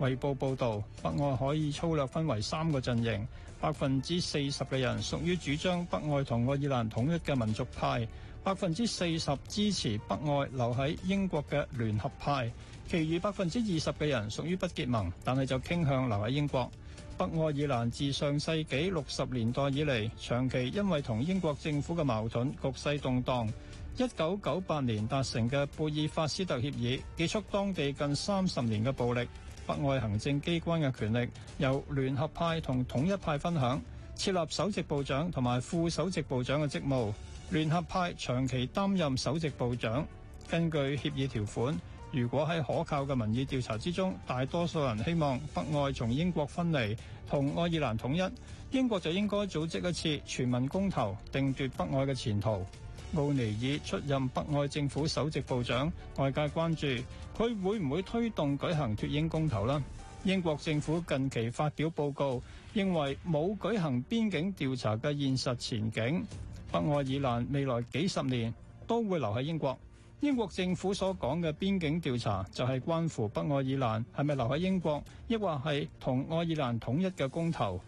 《衛報》報道，北愛可以粗略分為三個陣營：百分之四十嘅人屬於主張北愛同愛爾蘭統一嘅民族派；百分之四十支持北愛留喺英國嘅聯合派；其餘百分之二十嘅人屬於不結盟，但係就傾向留喺英國。北愛爾蘭自上世紀六十年代以嚟，長期因為同英國政府嘅矛盾局，局勢動蕩，一九九八年達成嘅貝爾法斯特協議結束當地近三十年嘅暴力。北愛行政機關嘅權力由聯合派同統一派分享，設立首席部長同埋副首席部長嘅職務，聯合派長期擔任首席部長，根據協議條款。如果喺可靠嘅民意調查之中，大多數人希望北愛從英國分離同愛爾蘭統一，英國就應該組織一次全民公投，定奪北愛嘅前途。奧尼爾出任北愛政府首席部長，外界關注，佢會唔會推動舉行脱英公投呢，英國政府近期發表報告，認為冇舉行邊境調查嘅現實前景，北愛爾蘭未來幾十年都會留喺英國。英國政府所講嘅邊境調查就係關乎北愛爾蘭係咪留喺英國，抑或係同愛爾蘭統一嘅公投。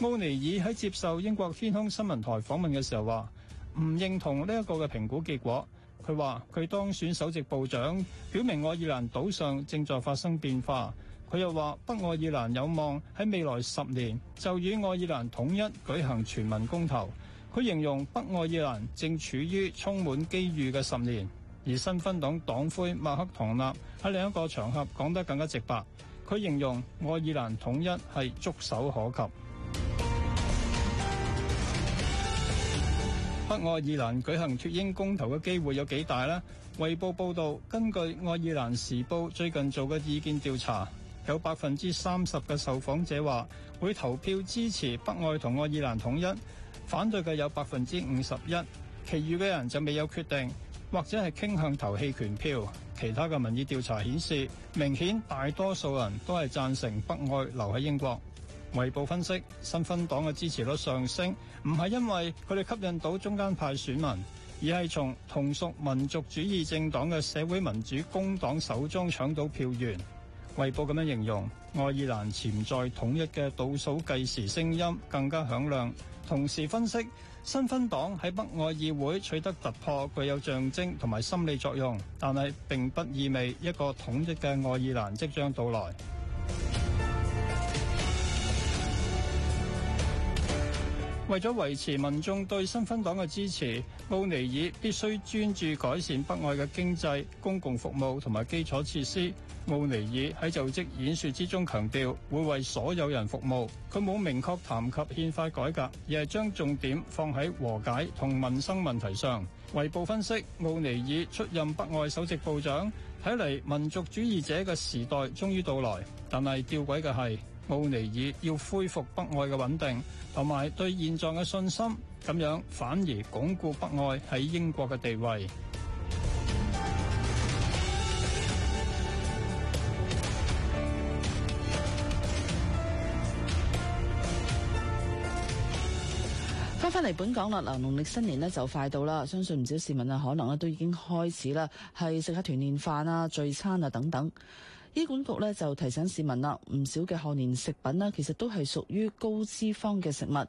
奧尼爾喺接受英國天空新聞台訪問嘅時候話，唔認同呢一個嘅評估結果。佢話佢當選首席部長，表明愛爾蘭島上正在發生變化。佢又話北愛爾蘭有望喺未來十年就與愛爾蘭統一舉行全民公投。佢形容北愛爾蘭正處於充滿機遇嘅十年。而新分黨黨魁麥克唐納喺另一個場合講得更加直白，佢形容愛爾蘭統一係觸手可及。 北愛爾蘭舉行脫英公投嘅機會有幾大呢？《衛報》報道，根據愛爾蘭時報最近做嘅意見調查，有百分之三十嘅受訪者話會投票支持北愛同愛爾蘭統一，反對嘅有百分之五十一，其餘嘅人就未有決定。或者係傾向投棄權票，其他嘅民意調查顯示，明顯大多數人都係贊成北愛留喺英國。衛報分析，新芬黨嘅支持率上升，唔係因為佢哋吸引到中間派選民，而係從同屬民族主義政黨嘅社會民主工黨手中搶到票源。衛報咁樣形容，愛爾蘭潛在統一嘅倒數計時聲音更加響亮。同時分析。新芬黨喺北愛議會取得突破，具有象徵同埋心理作用，但係並不意味一個統一嘅愛爾蘭即將到來。為咗維持民眾對新芬黨嘅支持，奧尼爾必須專注改善北愛嘅經濟、公共服務同埋基礎設施。奧尼爾喺就職演說之中強調，會為所有人服務。佢冇明確談及憲法改革，而係將重點放喺和解同民生問題上。衛報分析，奧尼爾出任北愛首席部長，睇嚟民族主義者嘅時代終於到來。但係吊詭嘅係，奧尼爾要恢復北愛嘅穩定同埋對現狀嘅信心，咁樣反而鞏固北愛喺英國嘅地位。嚟本港啦！嗱，農曆新年咧就快到啦，相信唔少市民啊，可能咧都已經開始啦，係食下團年飯啊、聚餐啊等等。醫管局呢就提醒市民啦，唔少嘅賀年食品呢其實都係屬於高脂肪嘅食物。咁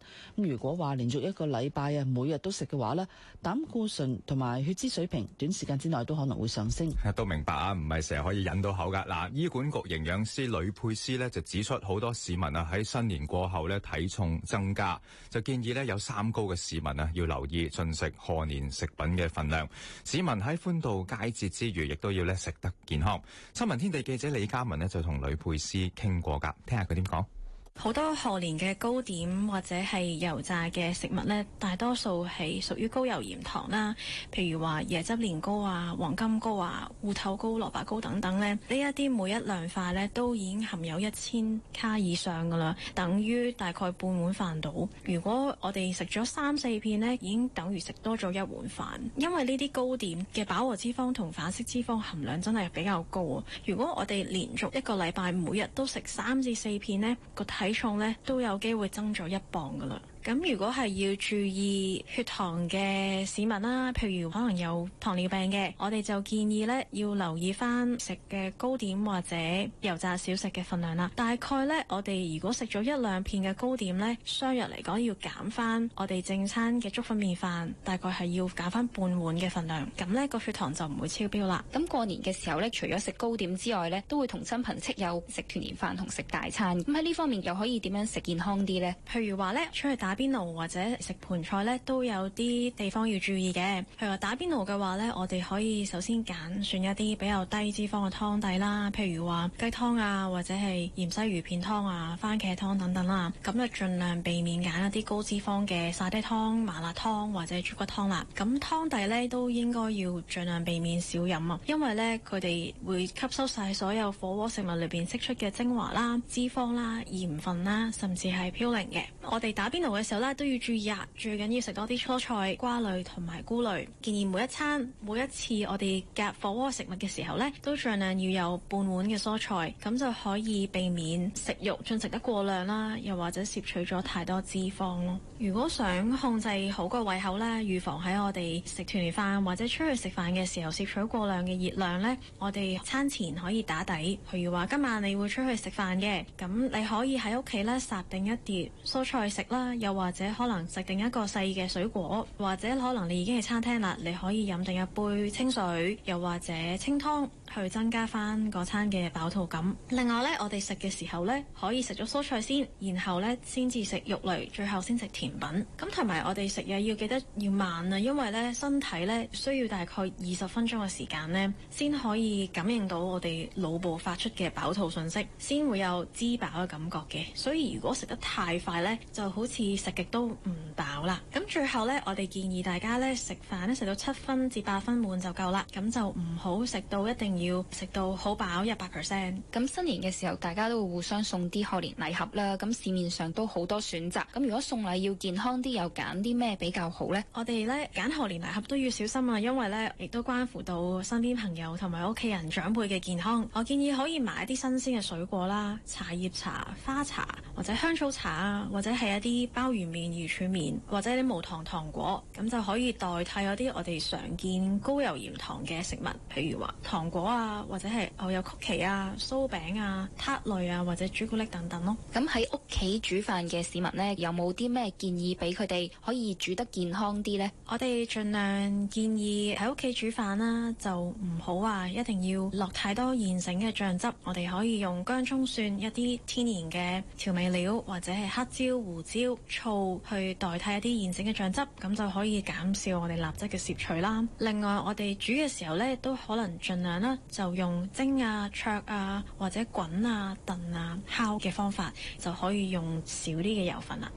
如果話連續一個禮拜啊，每日都食嘅話呢膽固醇同埋血脂水平，短時間之內都可能會上升。都明白啊，唔係成日可以忍到口噶。嗱，醫管局營養師呂佩斯呢就指出，好多市民啊喺新年過後呢體重增加，就建議呢有三高嘅市民啊要留意進食賀年食品嘅分量。市民喺歡度佳節之餘，亦都要呢食得健康。新聞天地記者。李嘉文咧就同呂佩斯傾過噶，聽下佢點講。好多賀年嘅糕點或者係油炸嘅食物呢，大多數係屬於高油鹽糖啦。譬如話椰汁年糕啊、黃金糕啊、芋頭糕、蘿蔔糕等等呢，呢一啲每一兩塊呢都已經含有一千卡以上噶啦，等於大概半碗飯度。如果我哋食咗三四片呢，已經等於食多咗一碗飯。因為呢啲糕點嘅飽和脂肪同反式脂肪含量真係比較高啊。如果我哋連續一個禮拜每日都食三至四片呢，個體重咧都有機會增咗一磅㗎喇。咁如果係要注意血糖嘅市民啦，譬如可能有糖尿病嘅，我哋就建議咧要留意翻食嘅糕點或者油炸小食嘅份量啦。大概呢，我哋如果食咗一兩片嘅糕點呢，相約嚟講要減翻我哋正餐嘅粥粉麵飯，大概係要減翻半碗嘅份量。咁呢個血糖就唔會超標啦。咁過年嘅時候呢，除咗食糕點之外呢，都會同親朋戚友食團年飯同食大餐。咁喺呢方面又可以點樣食健康啲呢？譬如話呢，出去打。打邊爐或者食盆菜呢，都有啲地方要注意嘅。譬如話打邊爐嘅話呢，我哋可以首先揀選一啲比較低脂肪嘅湯底啦，譬如話雞湯啊，或者係芫茜魚片湯啊、番茄湯等等啦。咁就盡量避免揀一啲高脂肪嘅沙爹湯、麻辣湯或者豬骨湯啦。咁湯底呢，都應該要盡量避免少飲啊，因為呢，佢哋會吸收晒所有火鍋食物裏面釋出嘅精華啦、脂肪啦、鹽分啦，甚至係嘌呤嘅。我哋打邊爐嘅時候咧，都要注意啊！最緊要食多啲蔬菜、瓜類同埋菇類。建議每一餐、每一次我哋夾火鍋食物嘅時候呢都儘量要有半碗嘅蔬菜，咁就可以避免食肉進食得過量啦，又或者攝取咗太多脂肪咯。如果想控制好個胃口呢，預防喺我哋食團年飯或者出去食飯嘅時候攝取過量嘅熱量呢，我哋餐前可以打底。譬如話今晚你會出去食飯嘅，咁你可以喺屋企呢撒定一碟蔬菜食啦，或者可能食定一個細嘅水果，或者可能你已經係餐廳啦，你可以飲定一杯清水，又或者清湯。去增加翻個餐嘅飽肚感。另外呢，我哋食嘅時候呢，可以食咗蔬菜先，然後呢，先至食肉類，最後先食甜品。咁同埋我哋食嘢要記得要慢啊，因為呢，身體呢，需要大概二十分鐘嘅時間呢，先可以感應到我哋腦部發出嘅飽肚訊息，先會有滋飽嘅感覺嘅。所以如果食得太快呢，就好似食極都唔飽啦。咁最後呢，我哋建議大家呢，食飯呢，食到七分至八分滿就夠啦，咁就唔好食到一定。要食到好飽一百 percent。咁新年嘅時候，大家都會互相送啲賀年禮盒啦。咁市面上都好多選擇。咁如果送禮要健康啲，又揀啲咩比較好呢？我哋咧揀賀年禮盒都要小心啊，因為咧亦都關乎到身邊朋友同埋屋企人長輩嘅健康。我建議可以買一啲新鮮嘅水果啦、茶葉茶、花茶或者香草茶啊，或者係一啲鮑魚麵、魚柱麵或者啲無糖糖果，咁就可以代替一啲我哋常見高油鹽糖嘅食物，譬如話糖果。啊、啊、啊，或者係牛油曲奇啊、酥餅啊、撻類啊，或者朱古力等等咯。咁喺屋企煮飯嘅市民呢，有冇啲咩建議俾佢哋可以煮得健康啲呢？我哋盡量建議喺屋企煮飯啦、啊，就唔好話一定要落太多現成嘅醬汁。我哋可以用薑、蔥、蒜一啲天然嘅調味料，或者係黑椒、胡椒、醋去代替一啲現成嘅醬汁，咁就可以減少我哋鈉質嘅攝取啦。另外，我哋煮嘅時候呢，都可能盡量啦、啊。就用蒸啊、焯啊，或者滾啊、燉啊，啊、烤嘅方法，就可以用少啲嘅油份啦。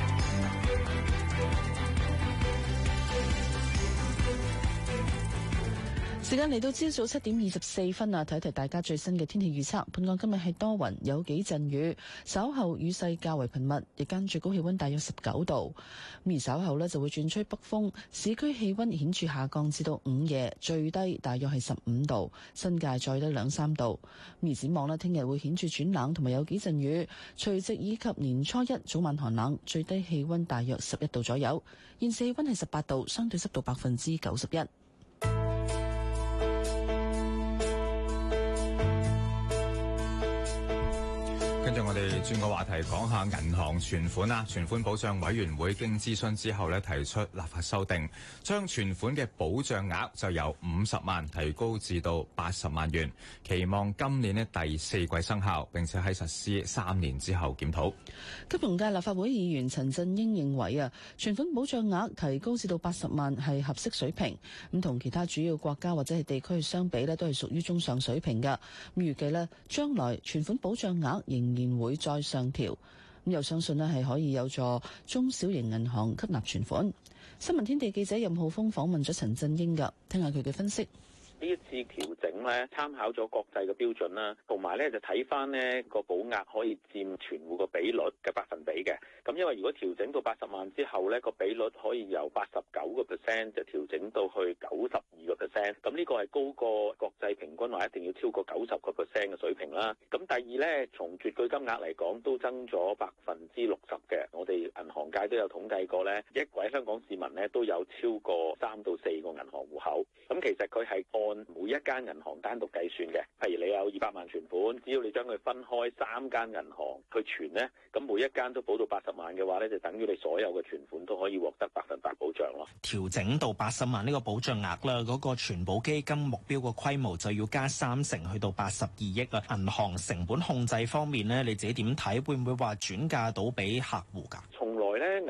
時間嚟到朝早七點二十四分啊！睇一睇大家最新嘅天氣預測。本港今日係多雲，有幾陣雨，稍後雨勢較為頻密。日間最高氣溫大約十九度，而稍後呢，就會轉吹北風，市區氣溫顯著下降，至到午夜最低大約係十五度，新界再低兩三度。而展望呢，聽日會顯著轉冷，同埋有幾陣雨，除夕以及年初一早晚寒冷，最低氣溫大約十一度左右。現時氣溫係十八度，相對濕度百分之九十一。轉個話題，講下銀行存款啦。存款保障委員會經諮詢之後呢，提出立法修訂，將存款嘅保障額就由五十萬提高至到八十萬元，期望今年呢第四季生效，並且喺實施三年之後檢討。金融界立法會議員陳振英認為啊，存款保障額提高至到八十萬係合適水平，咁同其他主要國家或者係地區相比呢，都係屬於中上水平噶。咁預計呢，將來存款保障額仍然會。會再上調，咁又相信咧，係可以有助中小型銀行吸納存款。新聞天地記者任浩峰訪問咗陳振英噶，聽下佢嘅分析。呢一次調整咧，參考咗國際嘅標準啦，同埋咧就睇翻呢個保額可以佔全戶個比率嘅百分比嘅。咁因為如果調整到八十萬之後呢，呢個比率可以由八十九個 percent 就調整到去九十二個 percent。咁呢個係高過國際平均話，一定要超過九十個 percent 嘅水平啦。咁第二呢，從絕對金額嚟講都增咗百分之六十嘅。我哋銀行界都有統計過呢，一位香港市民呢都有超過三到四個銀行戶口。咁其實佢係每一間銀行單獨計算嘅，譬如你有二百萬存款，只要你將佢分開三間銀行去存咧，咁每一間都保到八十萬嘅話咧，就等於你所有嘅存款都可以獲得百分百保障咯。調整到八十萬呢個保障額啦，嗰個存保基金目標嘅規模就要加三成，去到八十二億啊。銀行成本控制方面咧，你自己點睇？會唔會話轉嫁到俾客戶噶？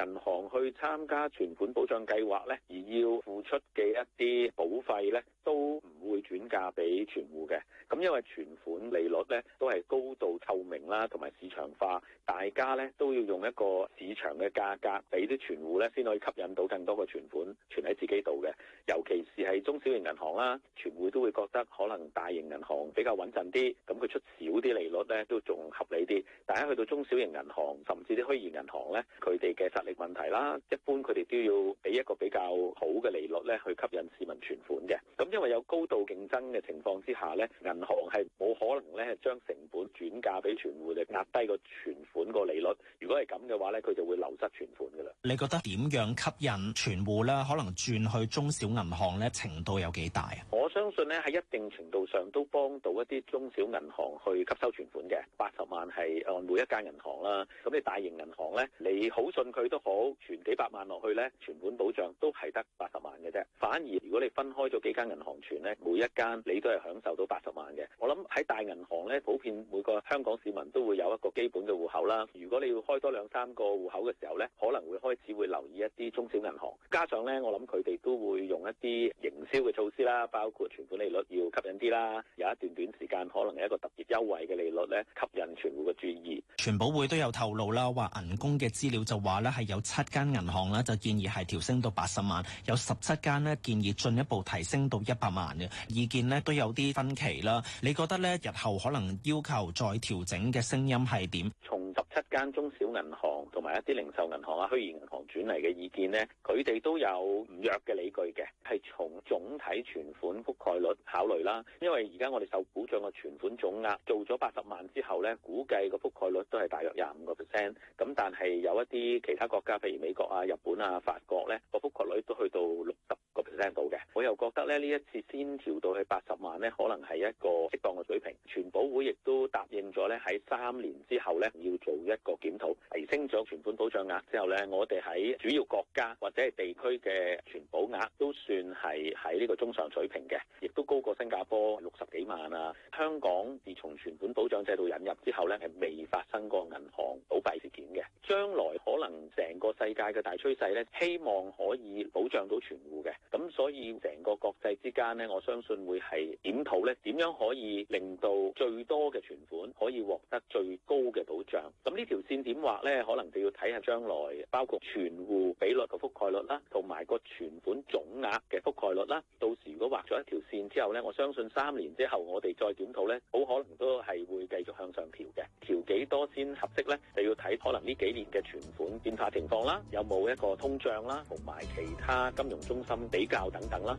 銀行去參加存款保障計劃咧，而要付出嘅一啲保費咧，都唔會轉嫁俾存戶嘅，咁因為存款利率咧都係高度透明啦，同埋市場化，大家咧都要用一個市場嘅價格俾啲存戶咧先可以吸引到更多嘅存款存喺自己度嘅。尤其是係中小型銀行啦，存戶都會覺得可能大型銀行比較穩陣啲，咁佢出少啲利率咧都仲合理啲。但係去到中小型銀行，甚至啲虛擬銀行咧，佢哋嘅實力問題啦，一般佢哋都要俾一個比較好嘅利率咧去吸引市民存款嘅。咁因為有高到競爭嘅情況之下咧，銀行係冇可能咧將成本轉嫁俾存戶嘅，壓低個存款個利率。如果係咁嘅話咧，佢就會流失存款噶啦。你覺得點樣吸引存戶咧？可能轉去中小銀行咧程度有幾大啊？我相信咧喺一定程度上都幫到一啲中小銀行去吸收存款嘅。八十萬係誒每一間銀行啦。咁你大型銀行咧，你好信佢都好存幾百萬落去咧，存款保障都係得八十萬嘅啫。反而如果你分開咗幾間銀行存咧，每一間你都係享受到八十萬嘅。我諗喺大銀行咧，普遍每個香港市民都會有一個基本嘅戶口啦。如果你要開多兩三個戶口嘅時候咧，可能會開始會留意一啲中小銀行。加上咧，我諗佢哋都會用一啲營銷嘅措施啦，包括存款利率要吸引啲啦，有一段短時間可能係一個特別優惠嘅利率咧，吸引全戶嘅注意。傳保會都有透露啦，話銀工嘅資料就話咧係有七間銀行啦，就建議係調升到八十萬，有十七間呢建議進一步提升到一百萬嘅。意見呢都有啲分歧啦，你覺得呢日後可能要求再調整嘅聲音係點？十七間中小銀行同埋一啲零售銀行啊、虛擬銀行轉嚟嘅意見咧，佢哋都有唔弱嘅理據嘅，係從總體存款覆蓋率考慮啦。因為而家我哋受保障嘅存款總額做咗八十萬之後呢，估計個覆蓋率都係大約廿五個 percent。咁但係有一啲其他國家，譬如美國啊、日本啊、法國呢，個覆蓋率都去到六十個 percent 度嘅。我又覺得咧，呢一次先調到去八十萬呢，呢可能係一個適當嘅水平。全保會亦都答應咗咧，喺三年之後呢，要做一個檢討，提升咗存款保障額之後呢，我哋喺主要國家或者係地區嘅存保額都算係喺呢個中上水平嘅，亦都高過新加坡六十幾萬啊。香港自從存款保障制度引入之後呢，係未發生過銀行倒閉事件嘅。將來可能成個世界嘅大趨勢呢，希望可以保障到存戶嘅。咁所以成個國際之間呢，我相信會係檢討呢點樣可以令到最多嘅存款可以獲得最高嘅保障。咁呢條線點畫呢？可能就要睇下將來，包括存戶比率嘅覆蓋率啦，同埋個存款總額嘅覆蓋率啦。到時如果畫咗一條線之後呢，我相信三年之後我哋再檢討呢，好可能都係會繼續向上調嘅。調幾多先合適呢？就要睇可能呢幾年嘅存款變化情況啦，有冇一個通脹啦，同埋其他金融中心比較等等啦。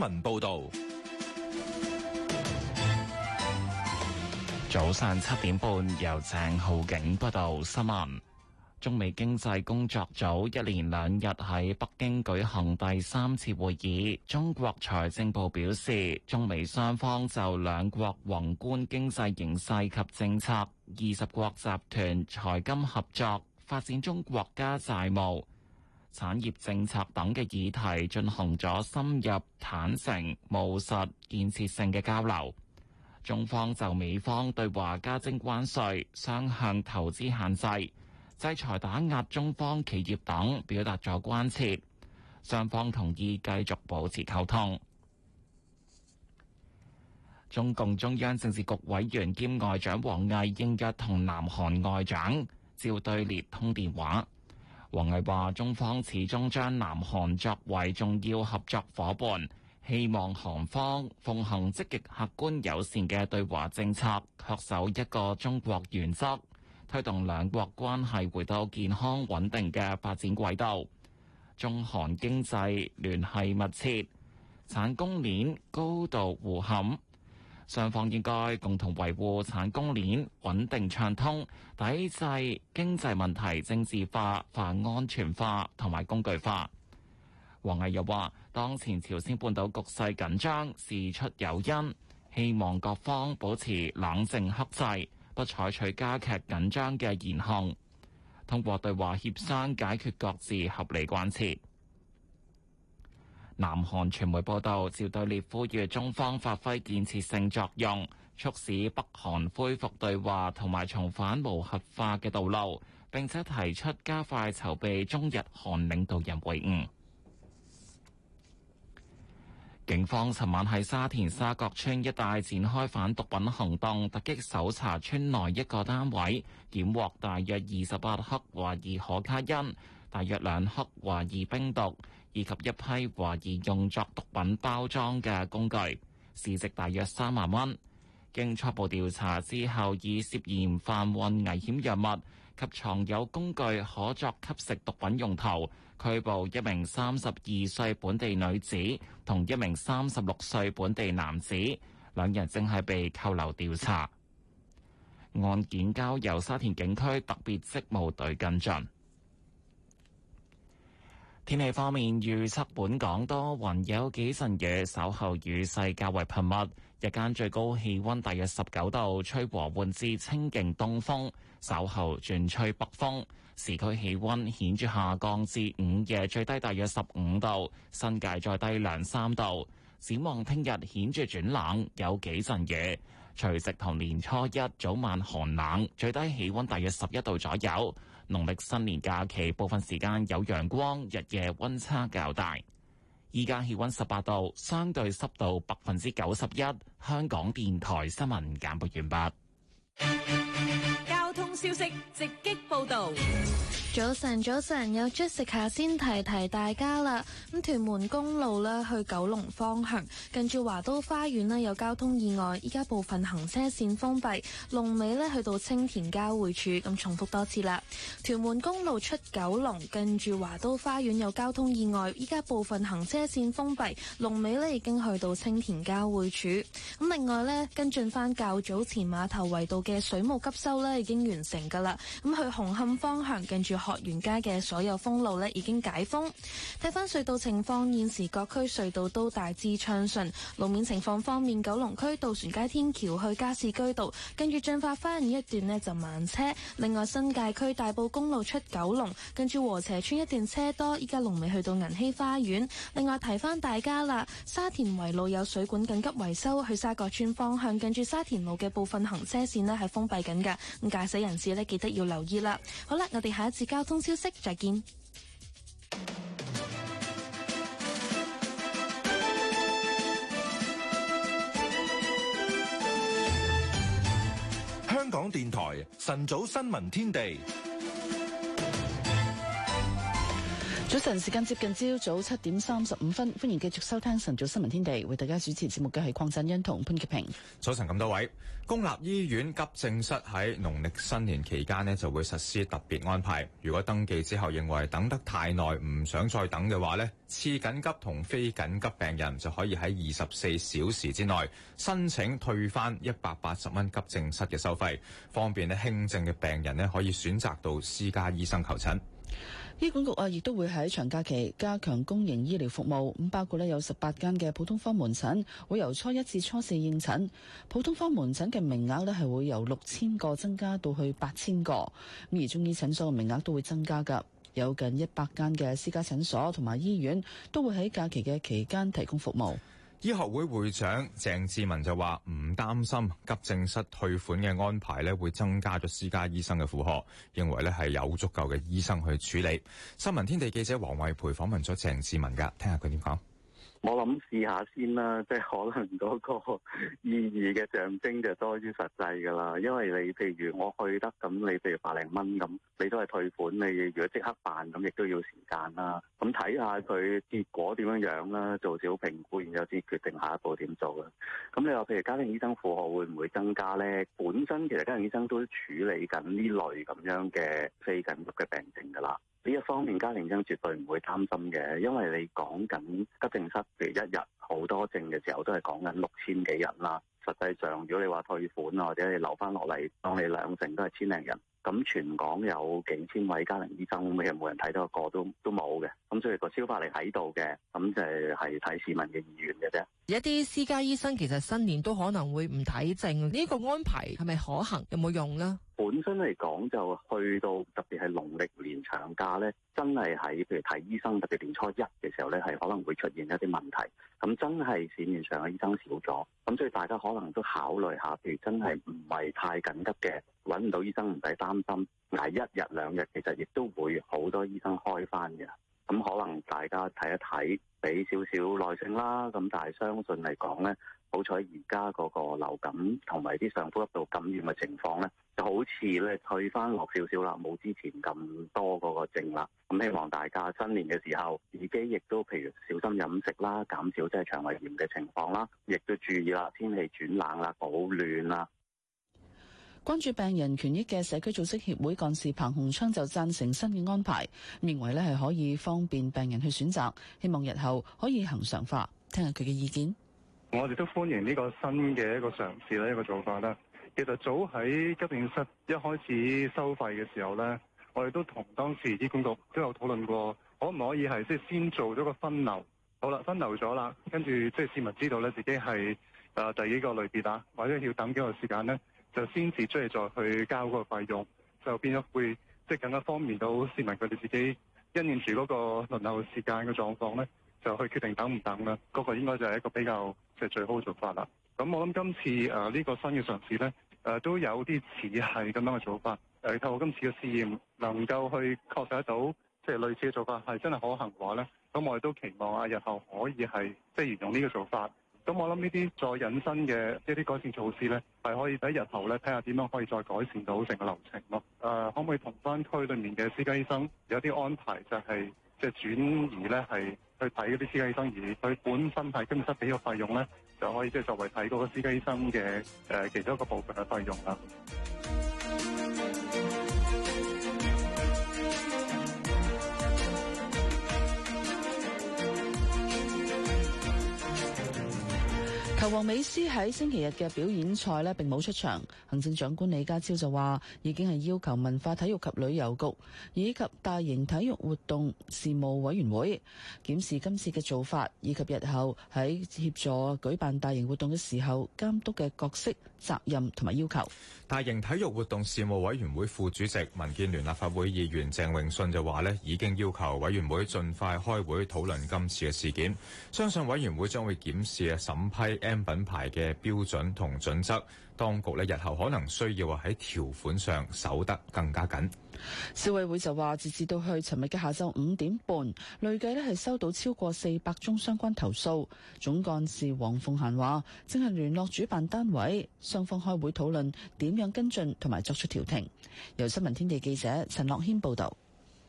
文報道，早上七點半由鄭浩景報道新聞。中美經濟工作組一連兩日喺北京舉行第三次會議。中國財政部表示，中美雙方就兩國宏觀經濟形勢及政策、二十國集團財金合作、發展中國家債務。產業政策等嘅議題進行咗深入坦誠、務實、建設性嘅交流。中方就美方對華加徵關稅、雙向投資限制、制裁打壓中方企業等，表達咗關切。雙方同意繼續保持溝通。中共中央政治局委員兼外長王毅應約同南韓外長趙對列通電話。王毅話中方始終將南韓作為重要合作夥伴，希望韓方奉行積極、客觀友善嘅對華政策，恪守一個中國原則，推動兩國關係回到健康穩定嘅發展軌道。中韓經濟聯繫密切，產供鏈高度互嵌。雙方應該共同維護產供鏈穩定暢通，抵制經濟問題政治化、泛安全化同埋工具化。王毅又話：當前朝鮮半島局勢緊張，事出有因，希望各方保持冷靜克制，不採取加劇緊張嘅言行，通過對話協商解決各自合理關切。南韓傳媒報道，趙對列呼籲中方發揮建設性作用，促使北韓恢復對話同埋重返無核化嘅道路，並且提出加快籌備中日韓領導人會晤。警方昨晚喺沙田沙角村一帶展開反毒品行動，突擊搜查村內一個單位，檢獲大約二十八克懷疑可卡因，大約兩克懷疑冰毒。以及一批懷疑用作毒品包裝嘅工具，市值大約三萬蚊。經初步調查之後，以涉嫌販運危險藥物及藏有工具可作吸食毒品用途，拘捕一名三十二歲本地女子同一名三十六歲本地男子，兩人正係被扣留調查。案件交由沙田警區特別職務隊跟進。天氣方面，預測本港多雲，有幾陣雨，稍後雨勢較為頻密。日間最高氣溫大約十九度，吹和緩至清勁東風，稍後轉吹北風。市區氣溫顯著下降至午夜最低大約十五度，新界再低兩三度。展望聽日顯著轉冷，有幾陣雨，除夕同年初一早晚寒冷，最低氣溫大約十一度左右。農曆新年假期部分時間有陽光，日夜溫差較大。依家氣溫十八度，相對濕度百分之九十一。香港電台新聞簡播完畢。交通消息直擊報道，早晨，早晨，有 Jessica 先提提大家啦。咁屯門公路咧，去九龍方向，近住華都花園咧，有交通意外，依家部分行車線封閉，龍尾咧去到青田交匯處，咁重複多次啦。屯門公路出九龍，近住華都花園有交通意外，依家部分行車線封閉，龍尾咧已經去到青田交匯處。咁另外咧，跟進翻較早前碼頭圍道嘅水務急修咧，已經。完成噶啦，咁去紅磡方向近住學園街嘅所有封路呢已經解封。睇翻隧道情況，現時各區隧道都大致暢順。路面情況方面，九龍區渡船街天橋去加士居道近住進化花園一段呢就慢車。另外新界區大埔公路出九龍近住禾輋邨一段車多，依家龍尾去到銀禧花園。另外提翻大家啦，沙田圍路有水管緊急維修，去沙角村方向近住沙田路嘅部分行車線呢係封閉緊嘅。咁死人士咧記得要留意啦。好啦，我哋下一次交通消息再見。香港電台晨早新聞天地。早晨，時間接近朝早七點三十五分，歡迎繼續收聽晨早新聞天地。為大家主持節目嘅係鄺振恩同潘潔平。早晨咁多位，公立醫院急症室喺農曆新年期間呢就會實施特別安排。如果登記之後認為等得太耐唔想再等嘅話，呢次緊急同非緊急病人就可以喺二十四小時之內申請退翻一百八十蚊急症室嘅收費，方便呢輕症嘅病人呢，可以選擇到私家醫生求診。醫管局啊，亦都會喺長假期加強公營醫療服務，咁包括咧有十八間嘅普通科門診會由初一至初四應診，普通科門診嘅名額咧係會由六千個增加到去八千個，咁而中醫診所嘅名額都會增加噶，有近一百間嘅私家診所同埋醫院都會喺假期嘅期間提供服務。醫學會會長鄭志文就話唔擔心急症室退款嘅安排咧，會增加咗私家醫生嘅負荷，認為咧係有足夠嘅醫生去處理。新聞天地記者黃慧培訪問咗鄭志文噶，聽下佢點講。我諗試下先啦，即係可能嗰個意義嘅象徵就多於實際噶啦，因為你譬如我去得咁，你譬如百零蚊咁，你都係退款，你如果即刻辦咁，亦都要時間啦。咁睇下佢結果點樣樣啦，做少評估，然後先決定下一步點做啦。咁你話譬如家庭醫生負荷會唔會增加咧？本身其實家庭醫生都處理緊呢類咁樣嘅非緊急嘅病情噶啦。呢一方面，家庭醫生絕對唔會擔心嘅，因為你講緊急症室譬如一日好多症嘅時候，都係講緊六千幾人啦。實際上，如果你話退款啊，或者你留翻落嚟當你兩成都係千零人，咁全港有幾千位家庭醫生，其實冇人睇到一個都都冇嘅。咁所以個消化力喺度嘅，咁就係睇市民嘅意願嘅啫。一啲私家醫生其實新年都可能會唔睇症，呢個安排係咪可行？有冇用咧？本身嚟講就去到特別係農曆年長假咧，真係喺譬如睇醫生特別年初一嘅時候咧，係可能會出現一啲問題，咁真係市面上嘅醫生少咗，咁所以大家可能都考慮下，譬如真係唔係太緊急嘅，揾唔到醫生唔使擔心，挨一日兩日其實亦都會好多醫生開翻嘅。咁可能大家睇一睇，俾少少耐性啦。咁但係相信嚟講咧。好彩而家嗰個流感同埋啲上呼吸道感染嘅情況咧，就好似咧退翻落少少啦，冇之前咁多嗰個症啦。咁希望大家新年嘅時候自己亦都譬如小心飲食啦，減少即係腸胃炎嘅情況啦，亦都注意啦，天氣轉冷啦，保暖啦。關注病人權益嘅社區組織協會幹事彭鴻昌就贊成新嘅安排，認為咧係可以方便病人去選擇，希望日後可以恆常化。聽下佢嘅意見。我哋都歡迎呢個新嘅一個嘗試呢一個做法咧。其實早喺急症室一開始收費嘅時候呢，我哋都同當時啲公局都有討論過，可唔可以係即先做咗個分流？好啦，分流咗啦，跟住即係市民知道呢，自己係第幾個類別啊，或者要等幾個時間呢，就先至出嚟再去交個個費用，就變咗會即係更加方便到市民佢哋自己因念住嗰個輪候時間嘅狀況呢，就去決定等唔等啦。嗰個應該就係一個比較。就係、是、最好嘅做法啦。咁我諗今次誒呢、呃呢個新嘅嘗試呢，誒、呃、都有啲似係咁樣嘅做法。誒透過今次嘅試驗，能夠去確實得到，即係類似嘅做法係真係可行嘅話呢。咁我哋都期望啊，日後可以係即係沿用呢個做法。咁我諗呢啲再引申嘅、就是、一啲改善措施呢，係可以喺日後呢睇下點樣可以再改善到成個流程咯。誒、呃，可唔可以同翻區裏面嘅私家醫生有啲安排、就是，就係即係轉移呢係？去睇嗰啲私家醫生，而佢本身係均質俾個費用咧，就可以即係作為睇嗰個私家醫生嘅誒其中一個部分嘅費用啦。黃美斯喺星期日嘅表演賽咧，並冇出場。行政長官李家超就話，已經係要求文化體育及旅遊局以及大型體育活動事務委員會檢視今次嘅做法，以及日後喺協助舉辦大型活動嘅時候監督嘅角色。責任同埋要求，大型體育活動事務委員會副主席、民建聯立法會議員鄭泳舜就話咧，已經要求委員會盡快開會討論今次嘅事件，相信委員會將會檢視嘅審批 M 品牌嘅標準同準則。當局咧，日後可能需要喺條款上守得更加緊。消委會就話，截至到去尋日嘅下晝五點半，累計係收到超過四百宗相關投訴。總幹事黃鳳嫻話，正係聯絡主辦單位，雙方開會討論點樣跟進同埋作出調停。由新聞天地記者陳樂軒報導。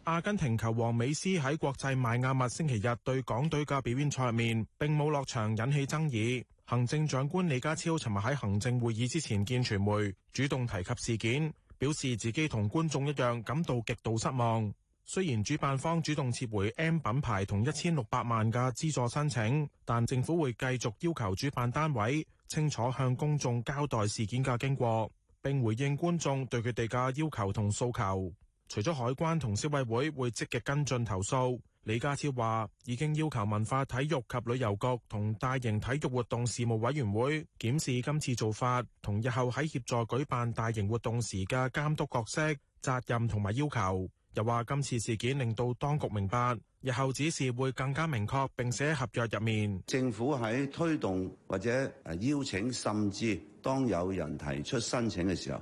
阿根廷球王美斯喺國際邁阿密星期日對港隊嘅表演賽入面並冇落場，引起爭議。行政長官李家超尋日喺行政會議之前見傳媒，主動提及事件，表示自己同觀眾一樣感到極度失望。雖然主辦方主動撤回 M 品牌同一千六百萬嘅資助申請，但政府會繼續要求主辦單位清楚向公眾交代事件嘅經過，並回應觀眾對佢哋嘅要求同訴求。除咗海關同消委會會積極跟進投訴。李家超話已經要求文化體育及旅遊局同大型體育活動事務委員會檢視今次做法同日後喺協助舉辦大型活動時嘅監督角色、責任同埋要求。又話今次事件令到當局明白，日後指示會更加明確，並寫喺合約入面。政府喺推動或者邀請，甚至當有人提出申請嘅時候，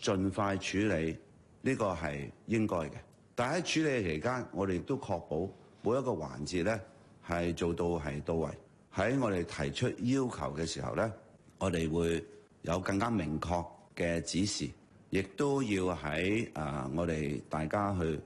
盡快處理呢個係應該嘅。但喺處理嘅期間，我哋亦都確保每一個環節咧係做到係到位。喺我哋提出要求嘅時候咧，我哋會有更加明確嘅指示，亦都要喺啊我哋大家去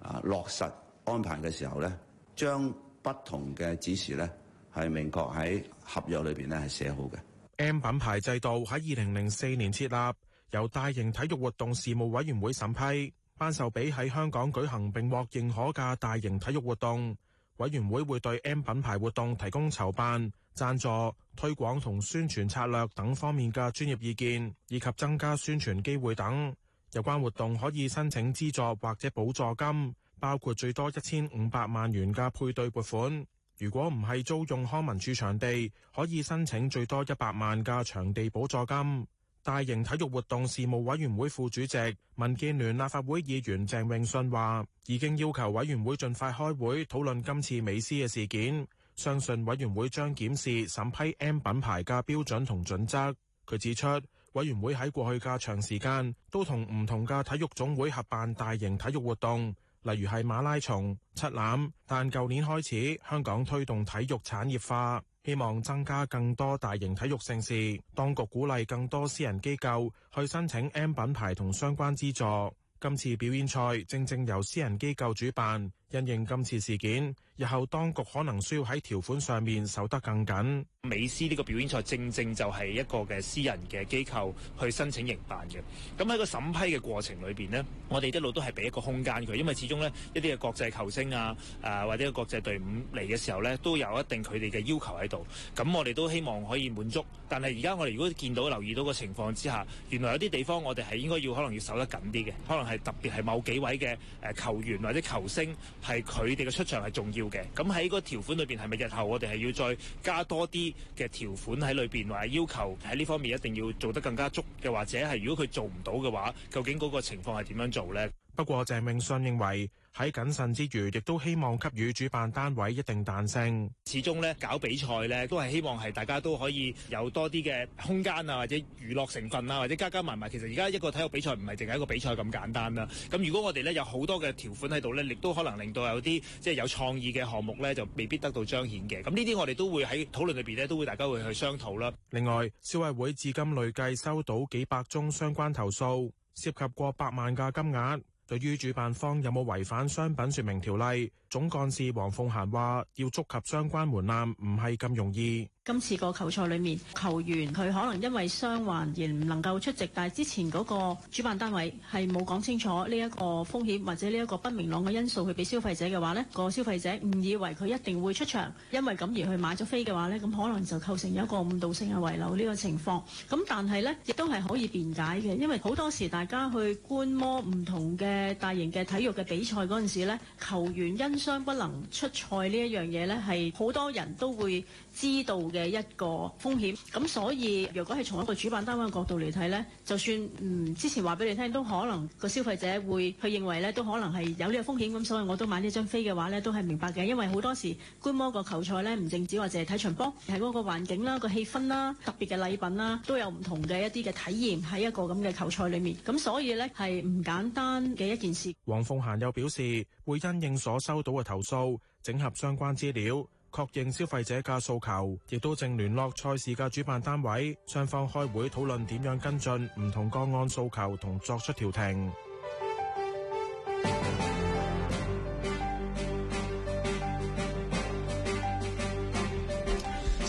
啊落實安排嘅時候咧，將不同嘅指示咧係明確喺合約裏面咧係寫好嘅。M 品牌制度喺二零零四年設立，由大型體育活動事務委員會審批。頒授畀喺香港舉行並獲認可嘅大型體育活動，委員會會對 M 品牌活動提供籌辦、贊助、推廣同宣傳策略等方面嘅專業意見，以及增加宣傳機會等。有關活動可以申請資助或者補助金，包括最多一千五百萬元嘅配對撥款。如果唔係租用康文署場地，可以申請最多一百萬嘅場地補助金。大型體育活動事務委員會副主席、民建聯立法會議員鄭永信話：已經要求委員會盡快開會討論今次美斯嘅事件，相信委員會將檢視審批 M 品牌嘅標準同準則。佢指出，委員會喺過去較長時間都同唔同嘅體育總會合辦大型體育活動，例如係馬拉松、七欖，但舊年開始，香港推動體育產業化。希望增加更多大型體育盛事，當局鼓勵更多私人機構去申請 M 品牌同相關資助。今次表演賽正正由私人機構主辦。因應今次事件，日後當局可能需要喺條款上面守得更緊。美斯呢個表演賽正正就係一個嘅私人嘅機構去申請營辦嘅。咁喺個審批嘅過程裏面呢，我哋一路都係俾一個空間佢，因為始終呢一啲嘅國際球星啊，啊或者國際隊伍嚟嘅時候呢，都有一定佢哋嘅要求喺度。咁我哋都希望可以滿足。但係而家我哋如果見到留意到個情況之下，原來有啲地方我哋係應該要可能要守得緊啲嘅，可能係特別係某幾位嘅球員或者球星。係佢哋嘅出場係重要嘅，咁喺嗰條款裏邊係咪日後我哋係要再加多啲嘅條款喺裏邊，或者要求喺呢方面一定要做得更加足，又或者係如果佢做唔到嘅話，究竟嗰個情況係點樣做呢？不過，鄭永信認為。喺謹慎之餘，亦都希望給予主辦單位一定彈性。始終咧，搞比賽咧，都係希望係大家都可以有多啲嘅空間啊，或者娛樂成分啊，或者加加埋埋。其實而家一個體育比賽唔係淨係一個比賽咁簡單啦。咁如果我哋咧有好多嘅條款喺度咧，亦都可能令到有啲即係有創意嘅項目咧，就未必得到彰顯嘅。咁呢啲我哋都會喺討論裏邊咧，都會大家會去商討啦。另外，消委會至今累計收到幾百宗相關投訴，涉及過百萬嘅金額。對於主辦方有冇違反商品說明條例，總幹事黃鳳嫻話要觸及相關門檻，唔係咁容易。今次個球賽裏面，球員佢可能因為傷患而唔能夠出席，但係之前嗰個主辦單位係冇講清楚呢一個風險或者呢一個不明朗嘅因素去，去俾消費者嘅話呢個消費者誤以為佢一定會出場，因為咁而去買咗飛嘅話呢，咁可能就構成有一個誤導性嘅遺留呢個情況。咁但係呢亦都係可以辯解嘅，因為好多時大家去觀摩唔同嘅大型嘅體育嘅比賽嗰陣時呢，球員因傷不能出賽呢一樣嘢呢，係好多人都會。知道嘅一個風險，咁所以如果係從一個主辦單位嘅角度嚟睇呢，就算嗯之前話俾你聽，都可能個消費者會去認為呢都可能係有呢個風險，咁所以我都買呢張飛嘅話呢，都係明白嘅，因為好多時觀摩個球賽呢，唔淨止話淨係睇場波，睇嗰個環境啦、個氣氛啦、特別嘅禮品啦，都有唔同嘅一啲嘅體驗喺一個咁嘅球賽裏面，咁所以呢，係唔簡單嘅一件事。黃鳳嫻又表示，會因應所收到嘅投訴，整合相關資料。確認消費者嘅訴求，亦都正聯絡賽事嘅主辦單位，雙方開會討論點樣跟進唔同個案訴求同作出調停。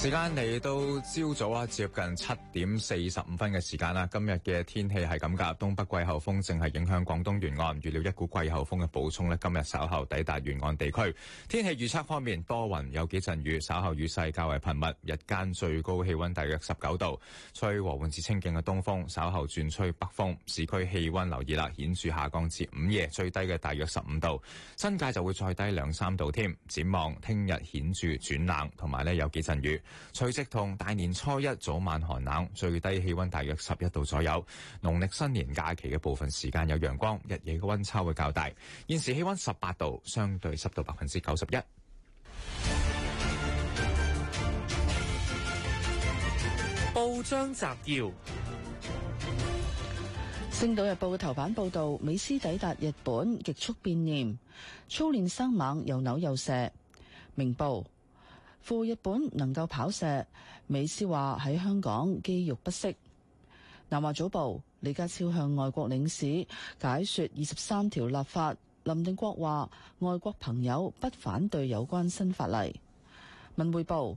時間嚟到朝早啊，接近七點四十五分嘅時間啦。今日嘅天氣係咁噶，東北季候風正係影響廣東沿岸，預料一股季候風嘅補充呢，今日稍後抵達沿岸地區。天氣預測方面，多雲有幾陣雨，稍後雨勢較為頻密。日間最高氣溫大約十九度，吹和緩至清勁嘅東風，稍後轉吹北風。市區氣溫留意啦，顯著下降至午夜最低嘅大約十五度，新界就會再低兩三度添。展望聽日顯著轉冷，同埋呢有幾陣雨。除夕同大年初一早晚寒冷，最低氣溫大約十一度左右。農曆新年假期嘅部分時間有陽光，日夜嘅溫差會較大。現時氣溫十八度，相對濕度百分之九十一。報章摘要：《星島日報》頭版報道，美斯抵達日本，極速變臉，操練生猛，又扭又射。明報，赴日本能夠跑射，美斯話喺香港肌肉不適。南華早報，李家超向外國領事解說二十三條立法，林定國話外國朋友不反對有關新法例。文匯報，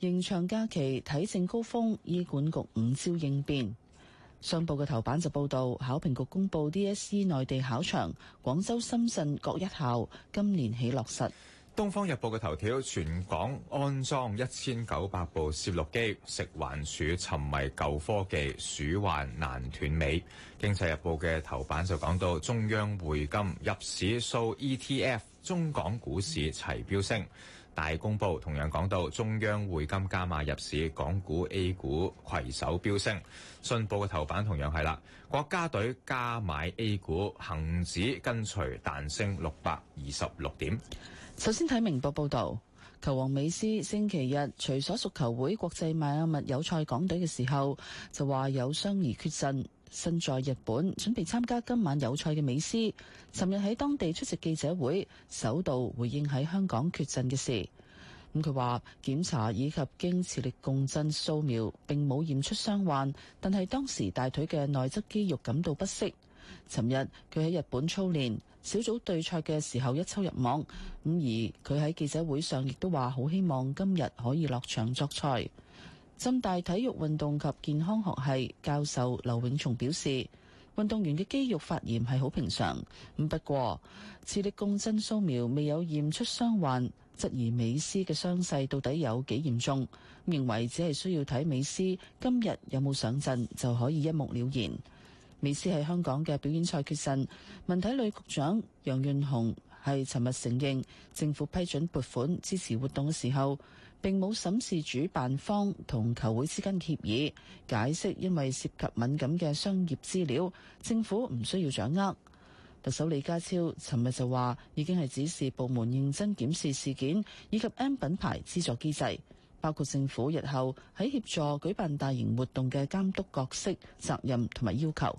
延長假期睇症高峰，醫管局五招應變。商報嘅頭版就報道考評局公布 DSE 內地考場，廣州、深圳各一校，今年起落實。《東方日報》嘅頭條，全港安裝一千九百部攝錄機；食環署沉迷舊科技，鼠患難斷尾。《經濟日報》嘅頭版就講到中央匯金入市數 E T F，中港股市齊飆升。《大公報》同樣講到中央匯金加碼入市，港股 A 股攜手飆升。《信報》嘅頭版同樣係啦，國家隊加買 A 股，恒指跟隨彈升六百二十六點。首先睇明報報道，球王美斯星期日隨所屬球會國際邁阿密友賽港隊嘅時候，就話有傷而缺陣，身在日本準備參加今晚友賽嘅美斯，尋日喺當地出席記者會，首度回應喺香港缺陣嘅事。咁佢話檢查以及經磁力共振掃描，並冇驗出傷患，但係當時大腿嘅內側肌肉感到不適。尋日佢喺日本操練。小組對賽嘅時候一抽入網，咁而佢喺記者會上亦都話好希望今日可以落場作賽。浸大體育運動及健康學系教授劉永松表示，運動員嘅肌肉發炎係好平常，咁不過磁力共振掃描未有驗出傷患，質疑美斯嘅傷勢到底有幾嚴重，認為只係需要睇美斯今日有冇上陣就可以一目了然。美斯喺香港嘅表演賽缺陣，文體旅局長楊潤雄係尋日承認政府批准撥款支持活動嘅時候，並冇審視主辦方同球會之間協議解釋，因為涉及敏感嘅商業資料，政府唔需要掌握。特首李家超尋日就話已經係指示部門認真檢視事件以及 M 品牌資助機制，包括政府日後喺協助舉辦大型活動嘅監督角色、責任同埋要求。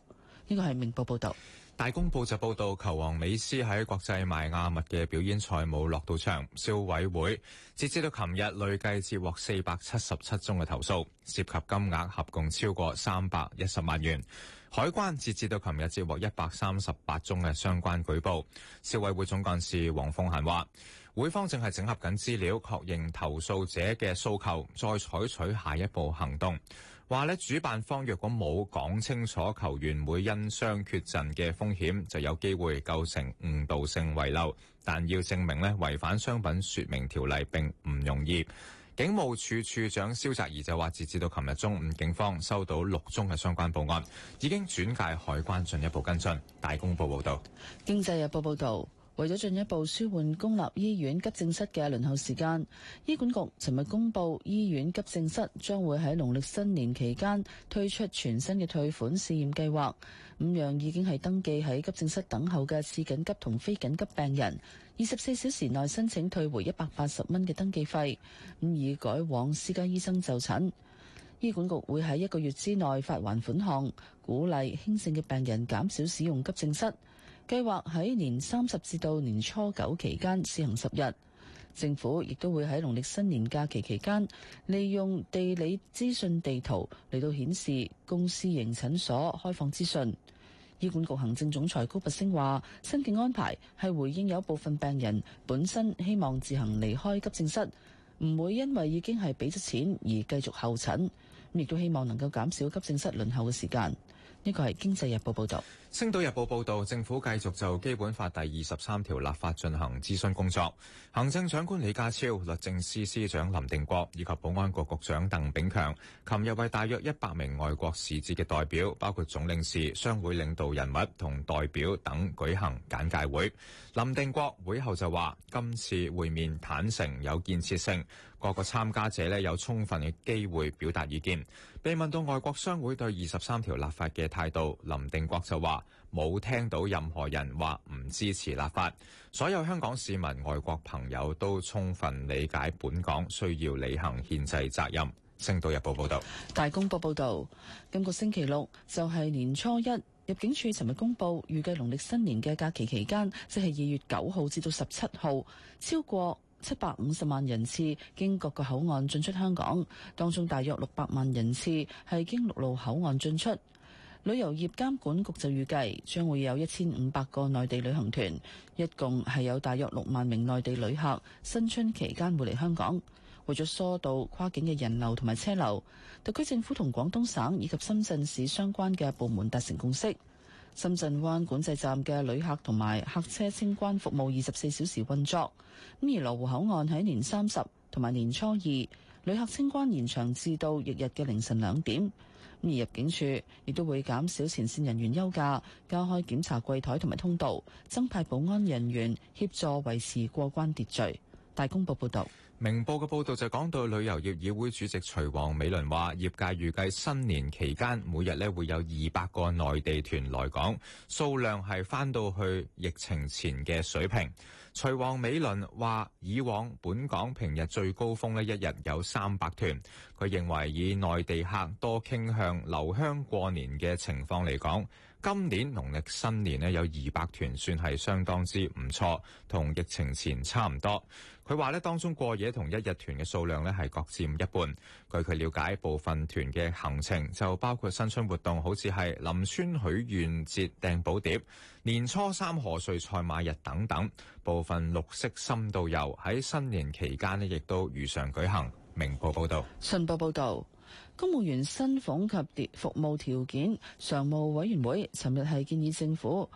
呢個係明報報導。大公報就報道，球王美斯喺國際邁阿密嘅表演賽冇落到場。消委會截至到琴日累計接獲四百七十七宗嘅投訴，涉及金額合共超過三百一十萬元。海關截至到琴日接獲一百三十八宗嘅相關舉報。消委會總幹事黃鳳嫻話，會方正係整合緊資料，確認投訴者嘅訴求，再採取下一步行動。話咧，主辦方若果冇講清楚球員會因傷缺陣嘅風險，就有機會構成誤導性遺漏。但要證明咧違反商品說明條例並唔容易。警務處處長蕭澤頤就話，截至到琴日中午，警方收到六宗嘅相關報案，已經轉介海關進一步跟進。大公報報道，經濟日報報道。為咗進一步舒緩公立醫院急症室嘅輪候時間，醫管局尋日公布，醫院急症室將會喺農曆新年期間推出全新嘅退款試驗計劃。五樣已經係登記喺急症室等候嘅次緊急同非緊急病人，二十四小時內申請退回一百八十蚊嘅登記費，咁以改往私家醫生就診。醫管局會喺一個月之內發還款項，鼓勵輕症嘅病人減少使用急症室。計劃喺年三十至到年初九期間試行十日，政府亦都會喺農曆新年假期期間，利用地理資訊地圖嚟到顯示公私營診所開放資訊。醫管局行政總裁高拔升話：新嘅安排係回應有部分病人本身希望自行離開急症室，唔會因為已經係俾咗錢而繼續候診，亦都希望能夠減少急症室輪候嘅時間。呢個係《經濟日報》報導，《星島日報》報導，政府繼續就《基本法》第二十三條立法進行諮詢工作。行政長官李家超、律政司司長林定國以及保安局局長鄧炳強，琴日為大約一百名外國使節嘅代表，包括總領事、商會領導人物同代表等，舉行簡介會。林定國會後就話：今次會面坦誠有建設性，各個參加者呢有充分嘅機會表達意見。被問到外國商會對二十三條立法嘅態度，林定國就話：冇聽到任何人話唔支持立法，所有香港市民、外國朋友都充分理解本港需要履行憲制責任。星島日報報道。大公報報道，今個星期六就係年初一，入境處尋日公佈，預計農曆新年嘅假期期間，即係二月九號至到十七號，超過七百五十萬人次經各個口岸進出香港，當中大約六百萬人次係經陸路口岸進出。旅遊業監管局就預計將會有一千五百個內地旅行團，一共係有大約六萬名內地旅客新春期間會嚟香港。為咗疏導跨境嘅人流同埋車流，特區政府同廣東省以及深圳市相關嘅部門達成共識。深圳灣管制站嘅旅客同埋客車清關服務二十四小時運作，咁而羅湖口岸喺年三十同埋年初二，旅客清關延長至到翌日嘅凌晨兩點，而入境處亦都會減少前線人員休假，加開檢查櫃台同埋通道，增派保安人員協助維持過關秩序。大公報報道。明報嘅報導就講到旅遊業議會主席徐王美倫話，業界預計新年期間每日咧會有二百個內地團來港，數量係返到去疫情前嘅水平。徐王美倫話，以往本港平日最高峰呢一日有三百團，佢認為以內地客多傾向留鄉過年嘅情況嚟講。今年農曆新年呢，有二百團算係相當之唔錯，同疫情前差唔多。佢話呢，當中過夜同一日團嘅數量呢，係各佔一半。據佢了解，部分團嘅行程就包括新春活動，好似係林村許願節掟寶碟、年初三賀歲賽馬日等等。部分綠色深度遊喺新年期間呢，亦都如常舉行。明報報道，信報報道。公務員薪俸及服務條件常務委員會尋日係建議政府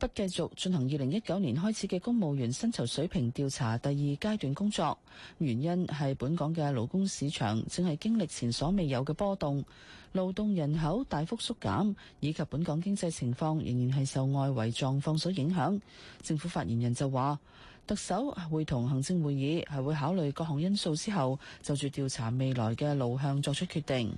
不繼續進行二零一九年開始嘅公務員薪酬水平調查第二階段工作，原因係本港嘅勞工市場正係經歷前所未有嘅波動，勞動人口大幅縮減，以及本港經濟情況仍然係受外圍狀況所影響。政府發言人就話。特首會同行政會議係會考慮各項因素之後，就住調查未來嘅路向作出決定。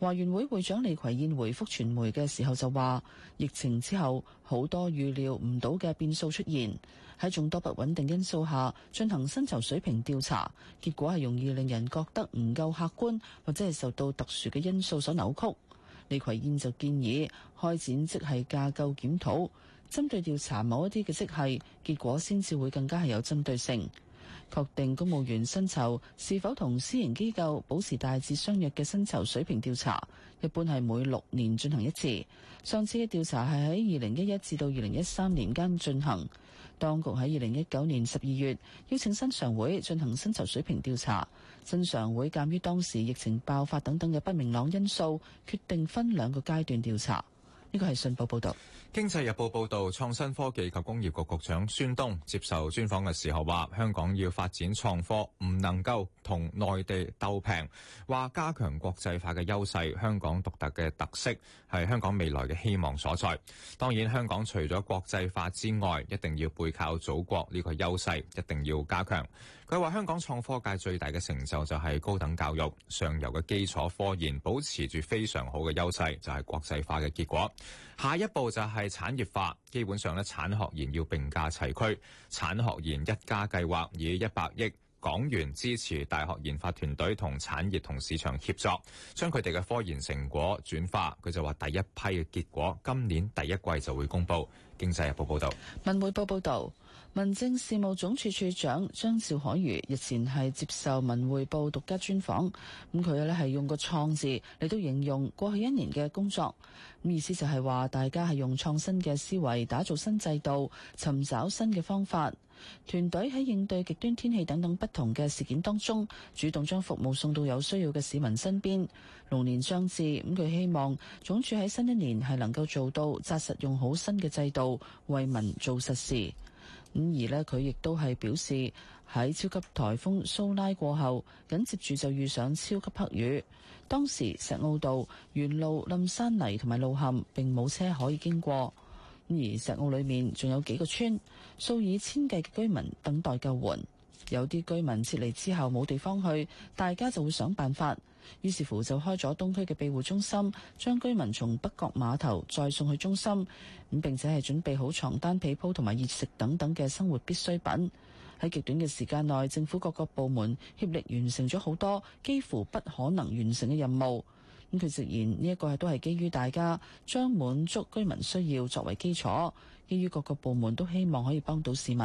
華員會會長李葵燕回覆傳媒嘅時候就話，疫情之後好多預料唔到嘅變數出現，喺眾多不穩定因素下進行薪酬水平調查，結果係容易令人覺得唔夠客觀或者係受到特殊嘅因素所扭曲。李葵燕就建議開展即係架構檢討。針對調查某一啲嘅職系，結果先至會更加係有針對性，確定公務員薪酬是否同私營機構保持大致相若嘅薪酬水平。調查一般係每六年進行一次。上次嘅調查係喺二零一一至到二零一三年間進行。當局喺二零一九年十二月邀請新常會進行薪酬水平調查。新常會鑑於當時疫情爆發等等嘅不明朗因素，決定分兩個階段調查。呢個係信報報導。經濟日報報道，創新科技及工業局局長孫東接受專訪嘅時候話，香港要發展創科，唔能夠同內地鬥平，話加強國際化嘅優勢，香港獨特嘅特色係香港未來嘅希望所在。當然，香港除咗國際化之外，一定要背靠祖國呢個優勢，一定要加強。佢話：香港創科界最大嘅成就就係高等教育上游嘅基礎科研保持住非常好嘅優勢，就係國際化嘅結果。下一步就係產業化，基本上咧產學研要並駕齊驅。產學研一家計劃以一百億港元支持大學研發團隊同產業同市場協作，將佢哋嘅科研成果轉化。佢就話第一批嘅結果今年第一季就會公佈。經濟日報報道。文匯報報導。民政事務總署署長張兆海如日前係接受《文匯報》獨家專訪，咁佢咧係用個“創”字嚟到形容過去一年嘅工作，咁意思就係話大家係用創新嘅思維打造新制度，尋找新嘅方法。團隊喺應對極端天氣等等不同嘅事件當中，主動將服務送到有需要嘅市民身邊。龍年將至，咁佢希望總署喺新一年係能夠做到紮實用好新嘅制度，為民做實事。咁而咧，佢亦都係表示喺超級颱風蘇拉過後，緊接住就遇上超級黑雨。當時石澳道沿路冧山泥同埋路陷，並冇車可以經過。而石澳裏面仲有幾個村，數以千計嘅居民等待救援。有啲居民撤離之後冇地方去，大家就會想辦法。於是乎就開咗東區嘅庇護中心，將居民從北角碼頭再送去中心，咁並且係準備好床單、被鋪同埋熱食等等嘅生活必需品。喺極短嘅時間內，政府各個部門協力完成咗好多幾乎不可能完成嘅任務。咁佢直言呢一個都係基於大家將滿足居民需要作為基礎，基於各個部門都希望可以幫到市民。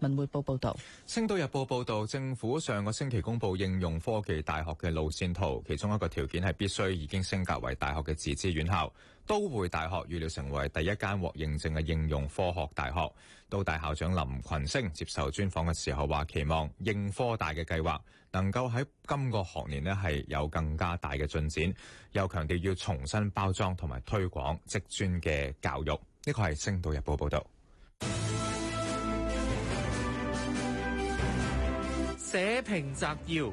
文匯報報道，《星島日報》報道，政府上個星期公布應用科技大學嘅路線圖，其中一個條件係必須已經升格為大學嘅自資院校。都會大學預料成為第一間獲認證嘅應用科學大學。都大校長林群星接受專訪嘅時候話，期望應科大嘅計劃能夠喺今個學年咧係有更加大嘅進展，又強調要重新包裝同埋推廣職專嘅教育。呢個係《星島日報》報道。社評摘要：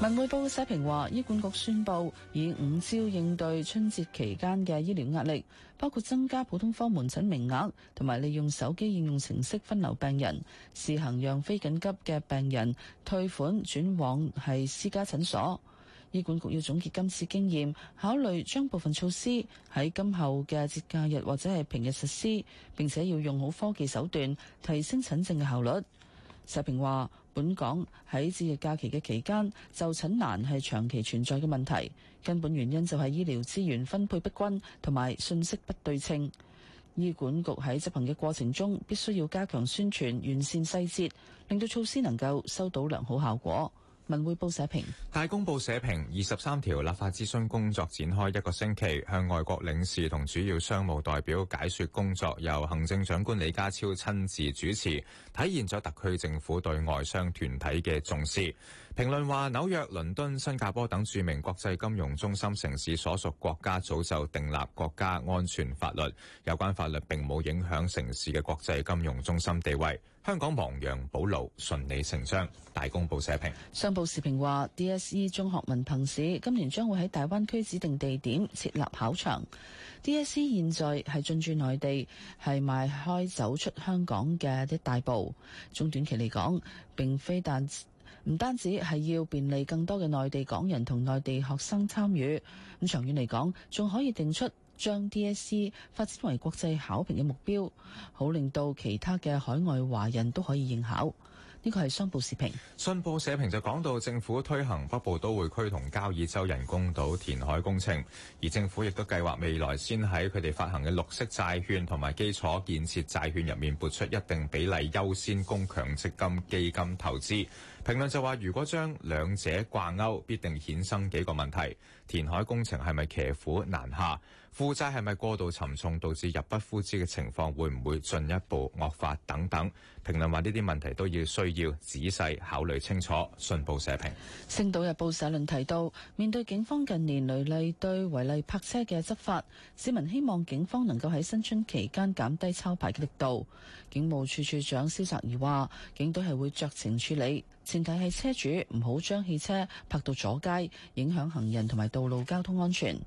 文匯報社評話，醫管局宣布以五招應對春節期間嘅醫療壓力，包括增加普通科門診名額，同埋利用手機應用程式分流病人，試行讓非緊急嘅病人退款轉往係私家診所。醫管局要總結今次經驗，考慮將部分措施喺今後嘅節假日或者係平日實施，並且要用好科技手段提升診症嘅效率。社評話，本港喺節日假期嘅期間，就診難係長期存在嘅問題，根本原因就係醫療資源分配不均同埋信息不對稱。醫管局喺執行嘅過程中，必須要加強宣傳，完善細節，令到措施能夠收到良好效果。文匯報社評。大公報社評：二十三條立法諮詢工作展開一個星期，向外國領事同主要商務代表解說工作，由行政長官李家超親自主持，體現咗特區政府對外商團體嘅重視。評論話，紐約、倫敦、新加坡等著名國際金融中心城市所屬國家早就訂立國家安全法律，有關法律並冇影響城市嘅國際金融中心地位。香港亡羊補牢，順理成章。大公報社評。商報時評話，DSE 中學文憑試今年將會喺大灣區指定地點設立考場。DSE 現在係進駐內地，係邁開走出香港嘅一大步。中短期嚟講，並非但唔單止係要便利更多嘅內地港人同內地學生參與，咁長遠嚟講，仲可以定出將 D.S.C. 發展為國際考評嘅目標，好令到其他嘅海外華人都可以應考。呢個係商報視頻，商報社評就講到，政府推行北部都會區同交易州人工島填海工程，而政府亦都計劃未來先喺佢哋發行嘅綠色債券同埋基礎建設債券入面撥出一定比例優先供強積金基金投資。評論就話，如果將兩者掛鈎，必定衍生幾個問題：填海工程係咪騎虎難下？負債係咪過度沉重，導致入不敷支嘅情況會唔會進一步惡化等等？評論話呢啲問題都要需要仔細考慮清楚。信報社評，《星島日報》社論提到，面對警方近年雷厲對違例泊車嘅執法，市民希望警方能夠喺新春期間減低抄牌嘅力度。警務處處長蕭澤頤話，警隊係會酌情處理，前提係車主唔好將汽車泊到阻街，影響行人同埋道路交通安全。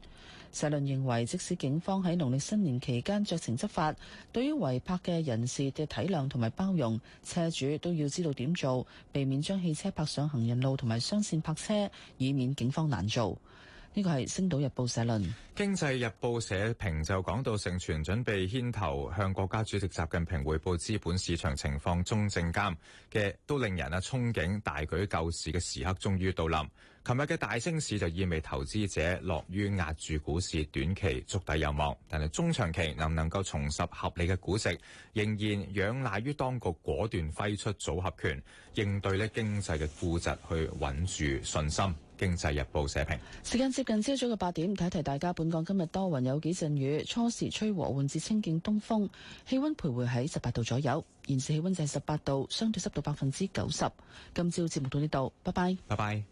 社論認為，即使警方喺農曆新年期間酌情執法，對於違泊嘅人士嘅體諒同埋包容，車主都要知道點做，避免將汽車泊上行人路同埋雙線泊車，以免警方難做。呢個係星島日報社論。經濟日報社評就講到，盛傳準備牽頭向國家主席習近平匯報資本市場情況，中證監嘅都令人啊憧憬大舉救市嘅時刻終於到臨。琴日嘅大升市就意味投資者樂於壓住股市短期築底有望，但係中長期能唔能夠重拾合理嘅估值，仍然仰賴於當局果斷揮出組合拳，應對呢經濟嘅固疾，去穩住信心。經濟日報社評。時間接近朝早嘅八點，提提大家。本港今日多雲，有幾陣雨，初時吹和緩至清勁東風，氣溫徘徊喺十八度左右。現時氣溫就係十八度，相對濕度百分之九十。今朝節目到呢度，拜拜，拜拜。